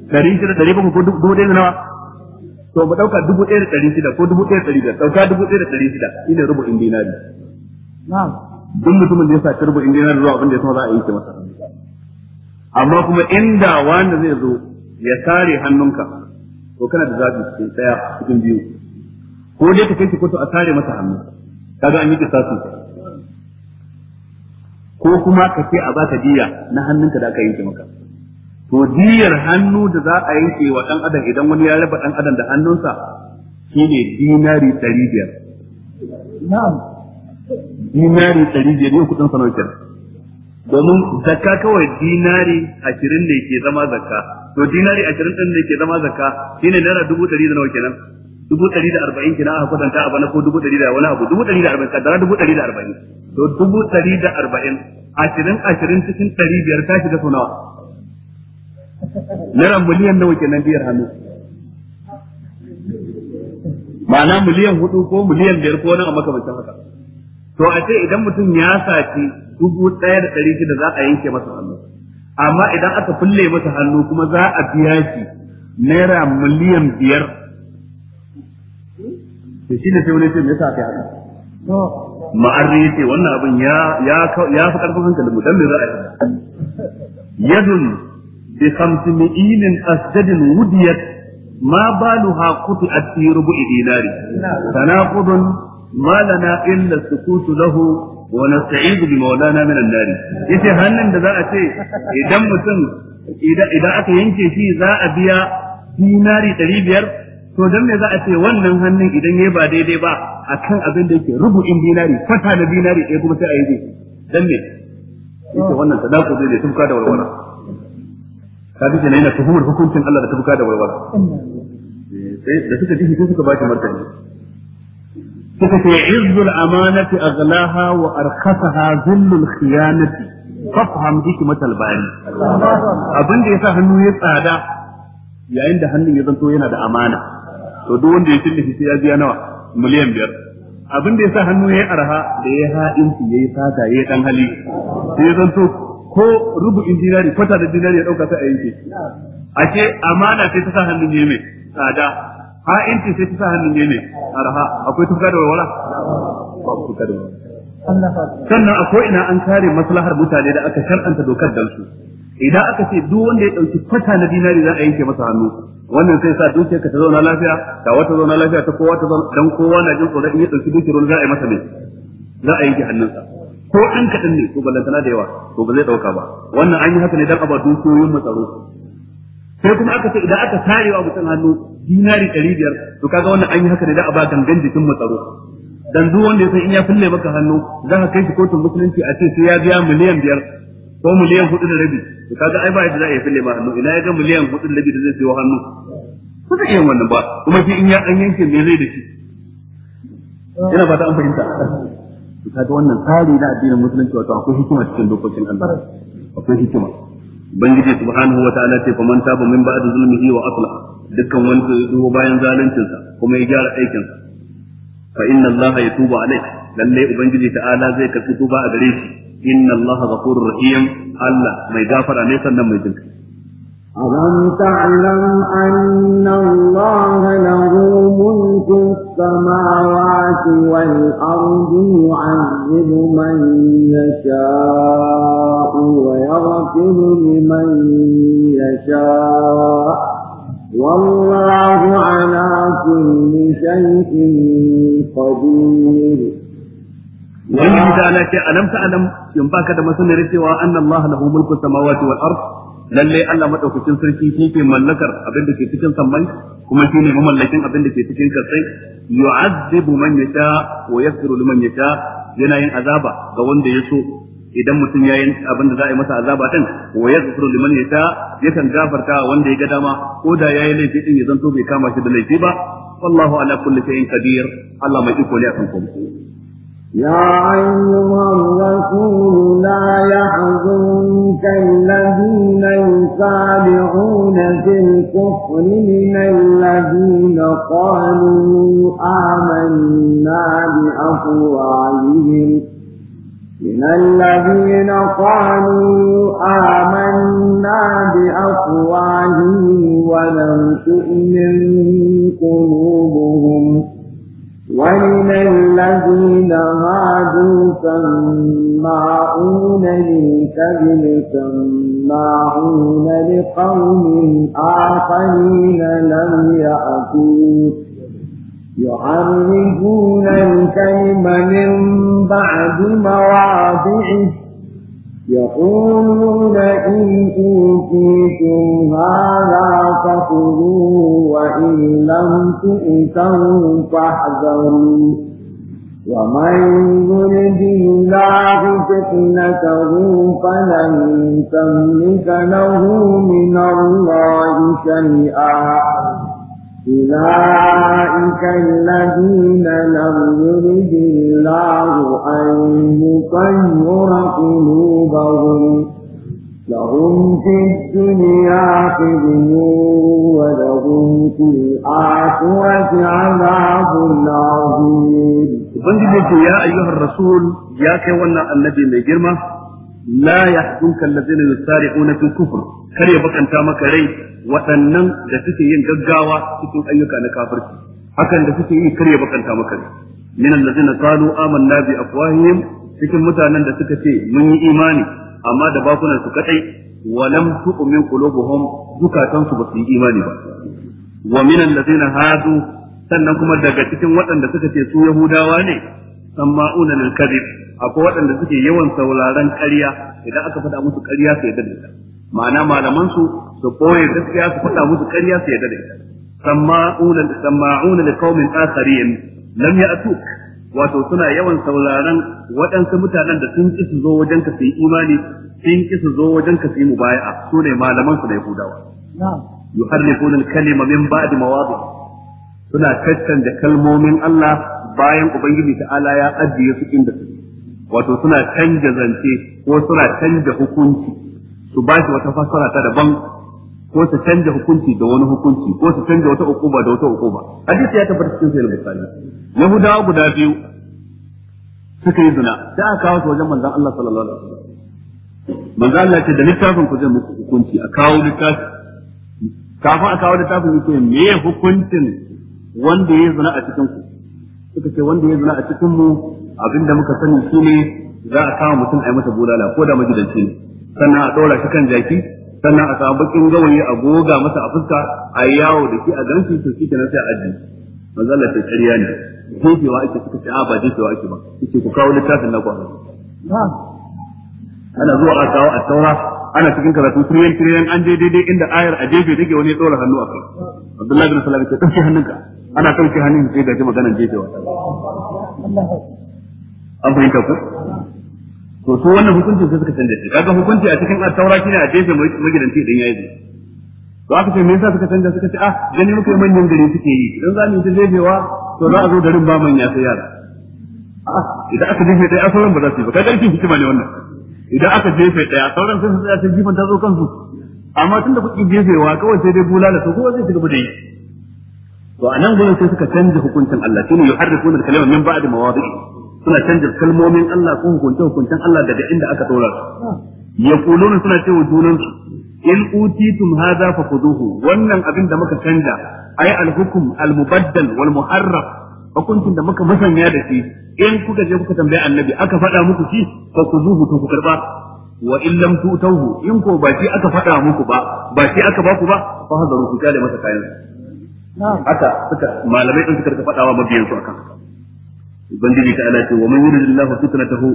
dari shida dari bakwai ko dubu ɗaya nawa to mu dauka dubu ɗaya da ɗari shida ko dubu ɗaya da ɗari biyar dauka dubu ɗaya da ɗari shida ina rubu'in dinari duk mutumin da ya saci rubu'in dinari zuwa abin da ya sama za a yi ke masa amma kuma inda wanda zai zo ya tare hannunka to kana da zaɓi cikin tsaya cikin biyu ko dai ka kai shi kotu a tare masa hannu kaga an yi kisasu ko kuma ka ce a baka diya na hannunka da aka yanke maka to diyar hannu da za a yanke wa dan adam idan wani ya raba dan adam da hannunsa shine dinari 500 na'am dinari 500 ne kudin sanaukin domin zakka kawai dinari 20 ne ke zama zakka to dinari 20 din ne ke zama zakka shine naira 100 da nawa kenan dubu ɗari da arba'in kina aka kwatanta a bana ko dubu ɗari da wani abu dubu ɗari da arba'in kadara dubu ɗari da arba'in to dubu ɗari da arba'in ashirin ashirin cikin ɗari biyar ta shiga sau nawa naira miliyan nawa kenan biyar hannu ma'ana miliyan hudu ko miliyan biyar ko nan a makamancin haka to a ce idan mutum ya saci dubu ɗaya da ɗari shida za a yanke masa hannu amma idan aka fulle masa hannu kuma za a biya shi naira miliyan biyar to shi ne sai wani ce me yasa haka. haka ma'arri ce wannan abin ya ya ya fi karfin hankalin mu dan me za a yi yadun بخمس مئين asjadin وديت ma بالها quti'at في rubu'i dinari tanaqudun ما لنا إلا sukutu lahu wa بمولانا من النار min هنن nari yace hannun da إذا a ce idan mutum idan aka yanke shi za biya dinari to dan me za a ce wannan hannun idan yayi ba daidai ba akan abin da yake rubu'in dinari kwata da dinari ɗaya kuma sai a yi dan me yake wannan sadaku zai da tufka da walwala kaji kenan yana tuhumar hukuncin Allah da ta buka da walwala eh, da suka ji sai suka baki martani suka ce izzul amanati aghlaha wa arkhasaha zillul khiyanati fafham hikmat albani abin da yasa hannu ya tsada yayin da hannun ya zanto yana da amana to duk wanda ya tilli sai ya biya nawa miliyan biyar abin da yasa hannu ya arha da ya ha'inci yayi fata yayi dan hali sai ya zanto ko rubu'in dinari kwata da dinari ya dauka sai a yanke A ce, amana sai ta sa hannun ne mai tsada inci sai ta sa hannun ne mai arha akwai tuka da walwala ba tuka da sannan akwai ina an kare maslahar mutane da aka shar'anta dokar dan su idan aka ce duk wanda ya dauki kwata na dinari za a yanke masa hannu wannan sai sa duk ka ta zauna lafiya ta wata zauna lafiya ta kowa ta zauna dan kowa na jin tsoron in ya dauki dukiyar za a yi masa mai. za a yanke hannunsa ko an kaɗan ne ko ballantana da yawa to ba zai ɗauka ba wannan an yi haka ne dan aba dukiyoyin matsaro sai kuma aka ce idan aka tarewa mutum hannu dinari ɗari biyar to kaga wannan an yi haka ne dan aba gangan jikin matsaro dan duk wanda ya san in ya fille maka hannu za ka kai shi kotun musulunci a ce sai ya biya miliyan biyar ko miliyan hudu da rabi to kaga ai ba yadda za a yi fille ma hannu ina ya ga miliyan hudu da rabi da zai sayo hannu ko zai iya wannan ba kuma shi in ya an yanke me zai da shi ina ba ta an fahimta kaga wannan tsari na addinin musulunci wato akwai hikima cikin dokokin Allah akwai hikima ubangiji subhanahu wa ta'ala ce faman taba min bada zulmihi wa asala dukkan wanda ya bayan zaluncin sa kuma ya gyara aikin sa fa inna Allah yatubu alayh lalle ubangiji ta'ala zai karbi tuba a gare shi inna Allah ghafurur rahim Allah mai gafara ne sannan mai jinkai ألم تعلم أن الله له ملك السماوات والأرض يعذب من يشاء ويغفر لمن يشاء والله على كل شيء قدير ومن ذلك ألم تعلم ينباك دمسنا رسوا أن الله له ملك السماوات والأرض Lallai Allah madaukakin sarki shi ke mallakar abin da ke cikin sammai kuma shi ne mamallakin abin da ke cikin kasai yu'azzibu man yasha wa yaghfiru liman yasha yana yin azaba ga wanda ya so idan mutum ya yi abin da za a yi masa azaba din wa yaghfiru liman yasha yakan gafarta wanda ya ga dama ko da yayi laifi din ya zanto bai kama shi da laifi ba wallahu ala kulli shay'in qadir Allah mai iko ne akan komai يا أيها الرسول لا يحزنك الذين يسابعون في الكفر من الذين قالوا آمنا بأفواههم من الذين قالوا آمنا بأفواههم ولم تؤمن قلوبهم ومن الذين هادوا سماعون للكذب سماعون لقوم آخرين لم يأتوك يعرفون الكلم من بعد مواضعه يقولون إن أوتيتم هذا فخذوه وإن لم تؤتوه فاحذروا ومن يرد الله فتنته فلن تملك له من الله شيئا أولئك الذين لم يرد الله أن يطير قلوبهم لهم في الدنيا خزي ولهم في الآخرة عذاب عظيم. يا أيها الرسول يا ولا النبي من la yahzunka allazina yusari'una fil kufr kar ya bakanta maka rai waɗannan da suke yin gaggawa cikin ayyuka na kafirci hakan da suke yi kar ya bakanta maka min allazina qalu amanna bi afwahihim cikin mutanen da suka ce mun yi imani amma da bakunan su kadai walam tu'min qulubuhum zukatan su basu yi imani ba wa min allazina hadu sannan kuma daga cikin waɗanda suka ce su yahudawa ne sama'una lil kadhib akwai waɗanda suke yawan sauraron ƙarya idan aka faɗa musu ƙarya su da ita ma'ana malaman su su koye gaskiya su faɗa musu ƙarya su da ita Samma'una sama'una da kaumin akharin lam ya'tu wato suna yawan sauraron waɗansu mutanen da sun ƙi su zo wajen ka su yi imani sun ƙi su zo wajen ka su yi mubaya'a su ne malaman su da yahudawa yuharrifuna al-kalima min ba'di mawadi suna da kalmomin Allah bayan ubangiji ta'ala ya ajiye su inda suke wato suna canja zance ko suna canja hukunci su ba shi wata fasara ta daban ko su canja hukunci da wani hukunci ko su canja wata hukuma da wata hukuma hadisi ya tabbata cikin sahih bukhari yahudawa guda biyu suka yi zina sai aka kawo su wajen manzon Allah sallallahu alaihi wasallam manzon Allah ce da littafin ku zai muku hukunci a kawo littafi kafin a kawo littafin yake me hukuncin wanda ya zina a cikin ku suka ce wanda ya zina a cikin mu Abin da muka sani ne za a kama mutum a yi masa bulala ko da magidanci ne sannan a ɗora shi kan jaki sannan a samu bakin gawayi a goga masa a fuska a yi yawo da shi a gansu to shi kenan sai a aji manzo Allah sai ƙarya ne jefewa ake suka ce a ba jefewa ake ba yace ku kawo littafin na ku ana zuwa a kawo a taura ana cikin karatu tiriyan tiriyan an je daidai inda ayar a jefe take wani ya ɗora hannu a kai Abdullahi bin Salam ya ce ɗauke hannunka ana ɗauke hannun sai ji maganar jefewa an fahimta ku to su wannan hukuncin sai suka canza shi kaga hukunci a cikin at-taura shine a jefe magidanci idan yayi to aka ce me yasa suka canza suka ce ah gani muke manyan gari suke yi idan za mu yi jefewa to za a zo garin ba manya sai yara idan aka jefe dai sauran ba za su yi ba kaga shi hikima ne wannan idan aka jefe ɗaya sauran sai su tsaya ta jifan ta zo kansu amma tun da kuke jefewa kawai sai dai bulala to kowa zai ci gaba da yi to a nan gurin sai suka canza hukuncin Allah shine yuharrifuna al-kalima min ba'di mawadi'i suna canza kalmomin Allah ko hukunce hukuncen Allah daga inda aka dora su suna cewa junan su in utitum hadha fakhuduhu wannan abin da muka canza ai al-hukm al-mubaddal wal muharraf hukuncin da muka masanya da shi in kuka je kuka tambaye annabi aka faɗa muku shi fakhuduhu to ku karba wa in lam tutawhu in ko ba shi aka faɗa muku ba ba shi aka ba ku ba fa hadaru ku kale masa kayan haka suka malamai din suka faɗa wa mabiyansu akan ubangiji ta ala ce wa man yuridillahu fitnatahu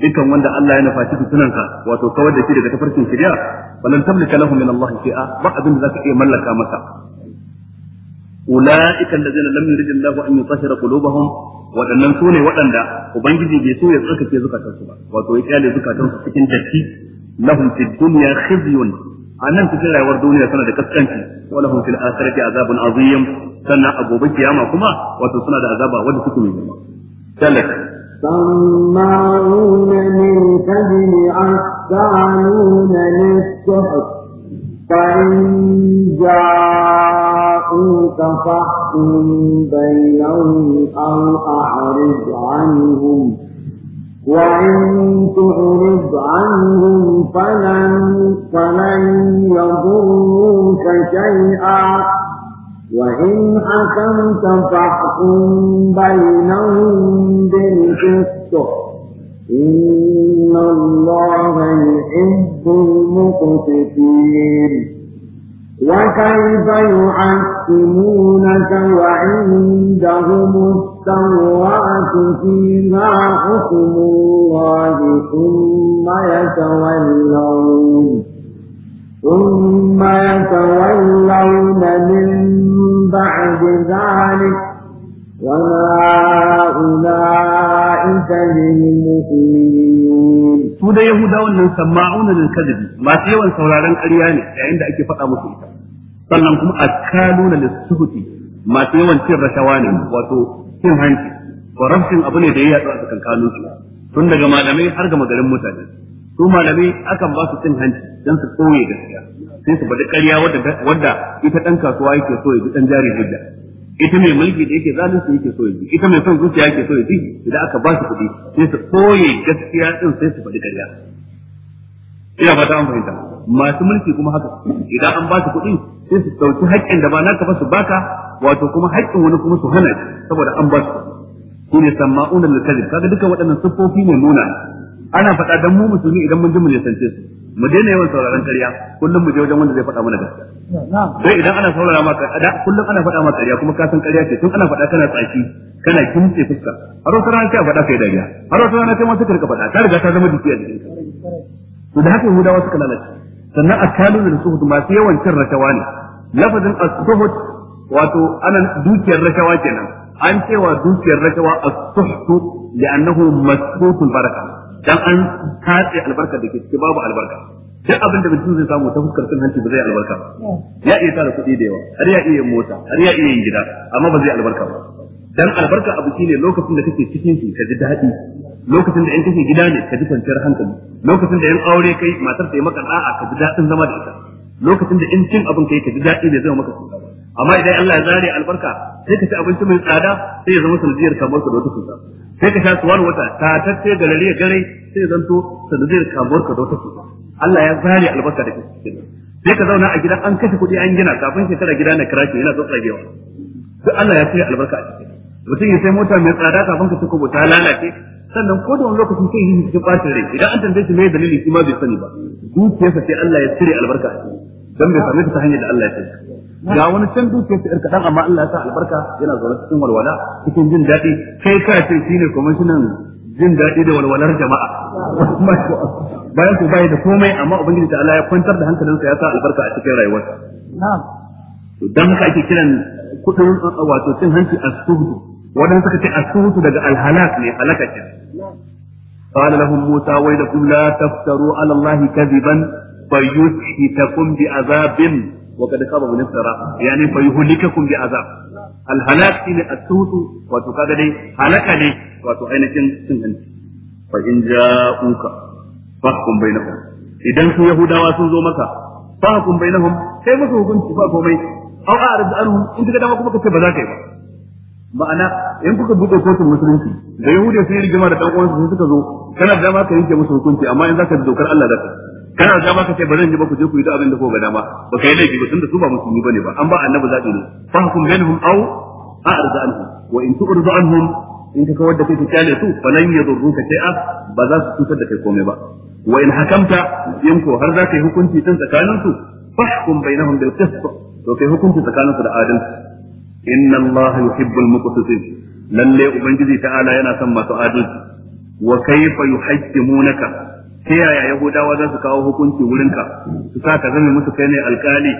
dukkan wanda Allah ya nufa shi fitnansa wato kawar da shi daga tafarkin shari'a falan tamlika lahu min Allah shay'a ba abin da zaka iya mallaka masa ulaika allazina lam yuridillahu an yutahhira qulubahum waɗannan sune ne waɗanda ubangiji bai so ya tsarkake zukatansu ba wato ya kyale zukatansu cikin datti lahum fid dunya khizyun anan cikin rayuwar duniya suna da kaskanci wa lahum fil akhirati azabun azim sannan a gobe kiyama kuma wato suna da azaba wanda suke mai دلك سماعون للكذب أسعلون للسحر فإن جاءوك فاحكم بينهم أو أعرض عنهم وإن تعرض عنهم فلن, فلن يضروك شيئا وإن حكمت فاحكم بينهم بالقسط إن الله يحب المقسطين وكيف يحكمونك وعندهم التوراة فيها حكم الله ثم يتولون ثم يتولون من بعد Yahudawa وما أولئك بالمؤمنين سودة يهودا وأنهم سماعون للكذب ما سيوان سولاران أرياني عند أكي فتا مسلطة sannan kuma akaluna lissuhuti masu yawan cin rashawa ne wato cin hanci corruption abu ne da ya yaɗu a tsakankanin tun daga malamai har ga magarin mutane su malami akan ba su cin hanci don su koye gaskiya sai su faɗi ƙarya wadda ita ɗan kasuwa yake so ya ji ɗan jari hujja ita mai mulki da yake zalunci yake so ya ji ita mai son zuciya yake so ya ji idan aka ba su kuɗi sai su koye gaskiya ɗin sai su faɗi ƙarya ina ba ta an fahimta masu mulki kuma haka idan an ba su kuɗi sai su ɗauki haƙƙin da ba naka ba su baka wato kuma haƙƙin wani kuma su hana shi saboda an ba su kuɗi shine sama'unan lil kaga duka waɗannan siffofi ne nuna ana faɗa dan mu musulmi idan mun ji mu nisance su mu daina yawan sauraron ƙarya kullum mu je wajen wanda zai faɗa mana gaskiya sai idan ana saurara maka da kullum ana faɗa maka ƙarya kuma ka san ƙarya ce tun ana faɗa kana tsaki kana kimtse fuska har wata rana sai a faɗa kai dariya har wata rana sai ma suka rika faɗa ta riga ta zama jiki a jikin to da haka yahudawa suka lalace sannan akalu da suhud masu yawan cin rashawa ne lafazin as-suhud wato ana dukiyar rashawa kenan an cewa dukiyar rashawa as suhud li'annahu masbutul baraka dan an katse albarka da ke ciki babu albarka duk abin da mutum zai samu ta fuskar cin hanci ba zai albarka ya iya tara kuɗi da yawa har ya iya mota har ya iya gida amma ba zai albarka ba dan albarka abu shine lokacin da kake cikin shi ka ji daɗi lokacin da yan kake gida ne ka ji kwanciyar hankali lokacin da yan aure kai matar ta yi maka da'a ka ji daɗin zama da ita lokacin da in cin abin kai ka ji daɗi ne zama maka cuta amma idan Allah ya zare albarka sai ka ci abinci mai tsada sai ya zama sanadiyar kamar ka da wata cuta sai ka sha suwar wata ta tatse da rariya gare sai zanto sanadiyar kamuwar ka da wata cuta Allah ya zare albarka da kake sai ka zauna a gida an kashe kuɗi an gina kafin shekara gida na kira yana zo tsagewa duk Allah ya tsaya albarka a cikin mutum ya sai mota mai tsada kafin ka tuka ta lalace sannan ko da wani lokaci sai yi cikin bacin rai idan an tambaye shi mai dalili shi ma bai sani ba dukiyarsa sai Allah ya cire albarka a cikin dan bai same ta hanyar da Allah ya sani ga wani can dukiyar ta kaɗan amma Allah ya sa albarka yana zaune cikin walwala cikin jin daɗi kai ka ce shine kwamishinan jin daɗi da walwalar jama'a bayan ku bayi da komai amma ubangiji ta'ala ya kwantar da hankalinsa ya sa albarka a cikin rayuwarsa dan haka ake kiran kudin wato cin hanci as-suhd wadanda suka ce as-suhd daga al-halak ne halaka ce قال لهم موسى ويلكم لا تفتروا على الله كذبا فيسحتكم بعذاب وقد خاب من افترى يعني فيهلككم بعذاب الهلاك شيء السوت wato kaga dai halaka ne wato ainihin cin hanci fa in ja'uka fahkum bainahum idan su yahudawa sun zo maka fahkum bainahum sai musu hukunci ba komai aw a'rid anhum in kaga dama kuma kace ba ka yi ba ma'ana in kuka buɗe kotun musulunci da yahudiya sun yi rigima da dan uwansu suka zo kana da dama ka yanke musu hukunci amma in zaka da dokar Allah da ka kana da ba ka ce bari in ji ba ku je ku yi da abin da ku ga dama ba kai laifi ba tunda su ba musulmi bane ba an ba annabi zaɓi ne fa hukum bainhum aw a'rid anhum wa in tu'rid anhum in ka kawar da kai ka kyale su fa lan yadurruka shay'a ba za su cutar da kai komai ba wa in hakamta in ko har za ka yi hukunci tun tsakanin su fahkum bainahum bil qist to kai hukunci tsakanin su da adalci inna Allah yuhibbul muqsitin lalle ubangiji ta'ala yana son masu adalci wa kayfa yuhajjimunaka ta yaya yahudawa za su kawo hukunci wurinka su sa ka zama musu kai ne alkali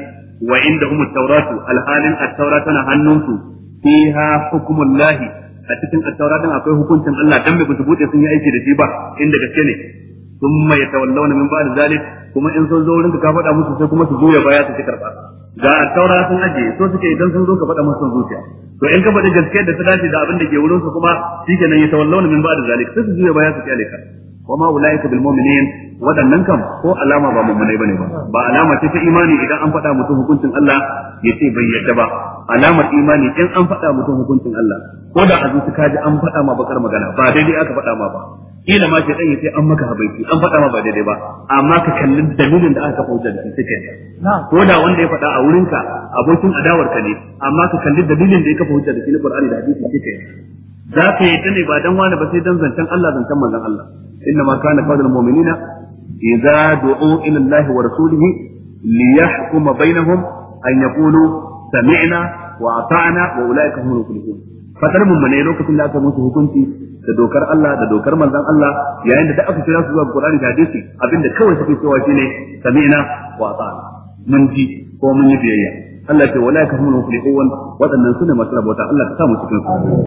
wa inda hum tauratu alhalin at tana hannunsu fiha hukmullahi a cikin at-taura din akwai hukuncin Allah dan me ba buɗe bude sun yi aiki da shi ba inda gaske ne thumma yatawallawna min ba'd zalik kuma in sun zo wurinka ka faɗa musu sai kuma su juya baya su ci karba ga at-taura sun aje so suke idan sun zo ka faɗa musu zuciya to in ka faɗi gaskiyar da ta dace da abin da ke wurin su kuma shikenan ya tawallawna min ba'da zalika sai su juya baya su kyale ka wa ma ulaika bil mu'minin wadannan kam ko alama ba mummunai bane ba ba alama ce ta imani idan an faɗa mutum hukuncin Allah ya ce bai yadda ba alamar imani in an faɗa mutum hukuncin Allah ko da a ka ji an faɗa ma bakar magana ba daidai aka faɗa ma ba kila ma sai dan yace an maka habaiti an faɗa ma ba daidai ba amma ka kallin dalilin da aka kafa da shi kai ko da wanda ya faɗa a wurin ka abokin adawar ka ne amma ka kallin dalilin da ya kafa hujja da shi na Qur'ani da hadisi shi kai za ka yi ta ne ba dan wani ba sai dan zancen Allah zancen manzon Allah inna ma kana qawlul mu'minina idza du'u ila Allah wa rasulihi liyahkuma bainahum an yaqulu sami'na wa ata'na wa ulaika humul muflihun fatar ne lokacin da aka musu hukunci da dokar Allah da dokar manzon Allah yayin da aka kira su zuwa Qur'ani da hadisi abinda kawai suke cewa shine sami'na wa ata'na mun ji ko mun yi biyayya Allah ce wala yakhumu al-muflihun wadannan sune masu rabota Allah ta samu cikin su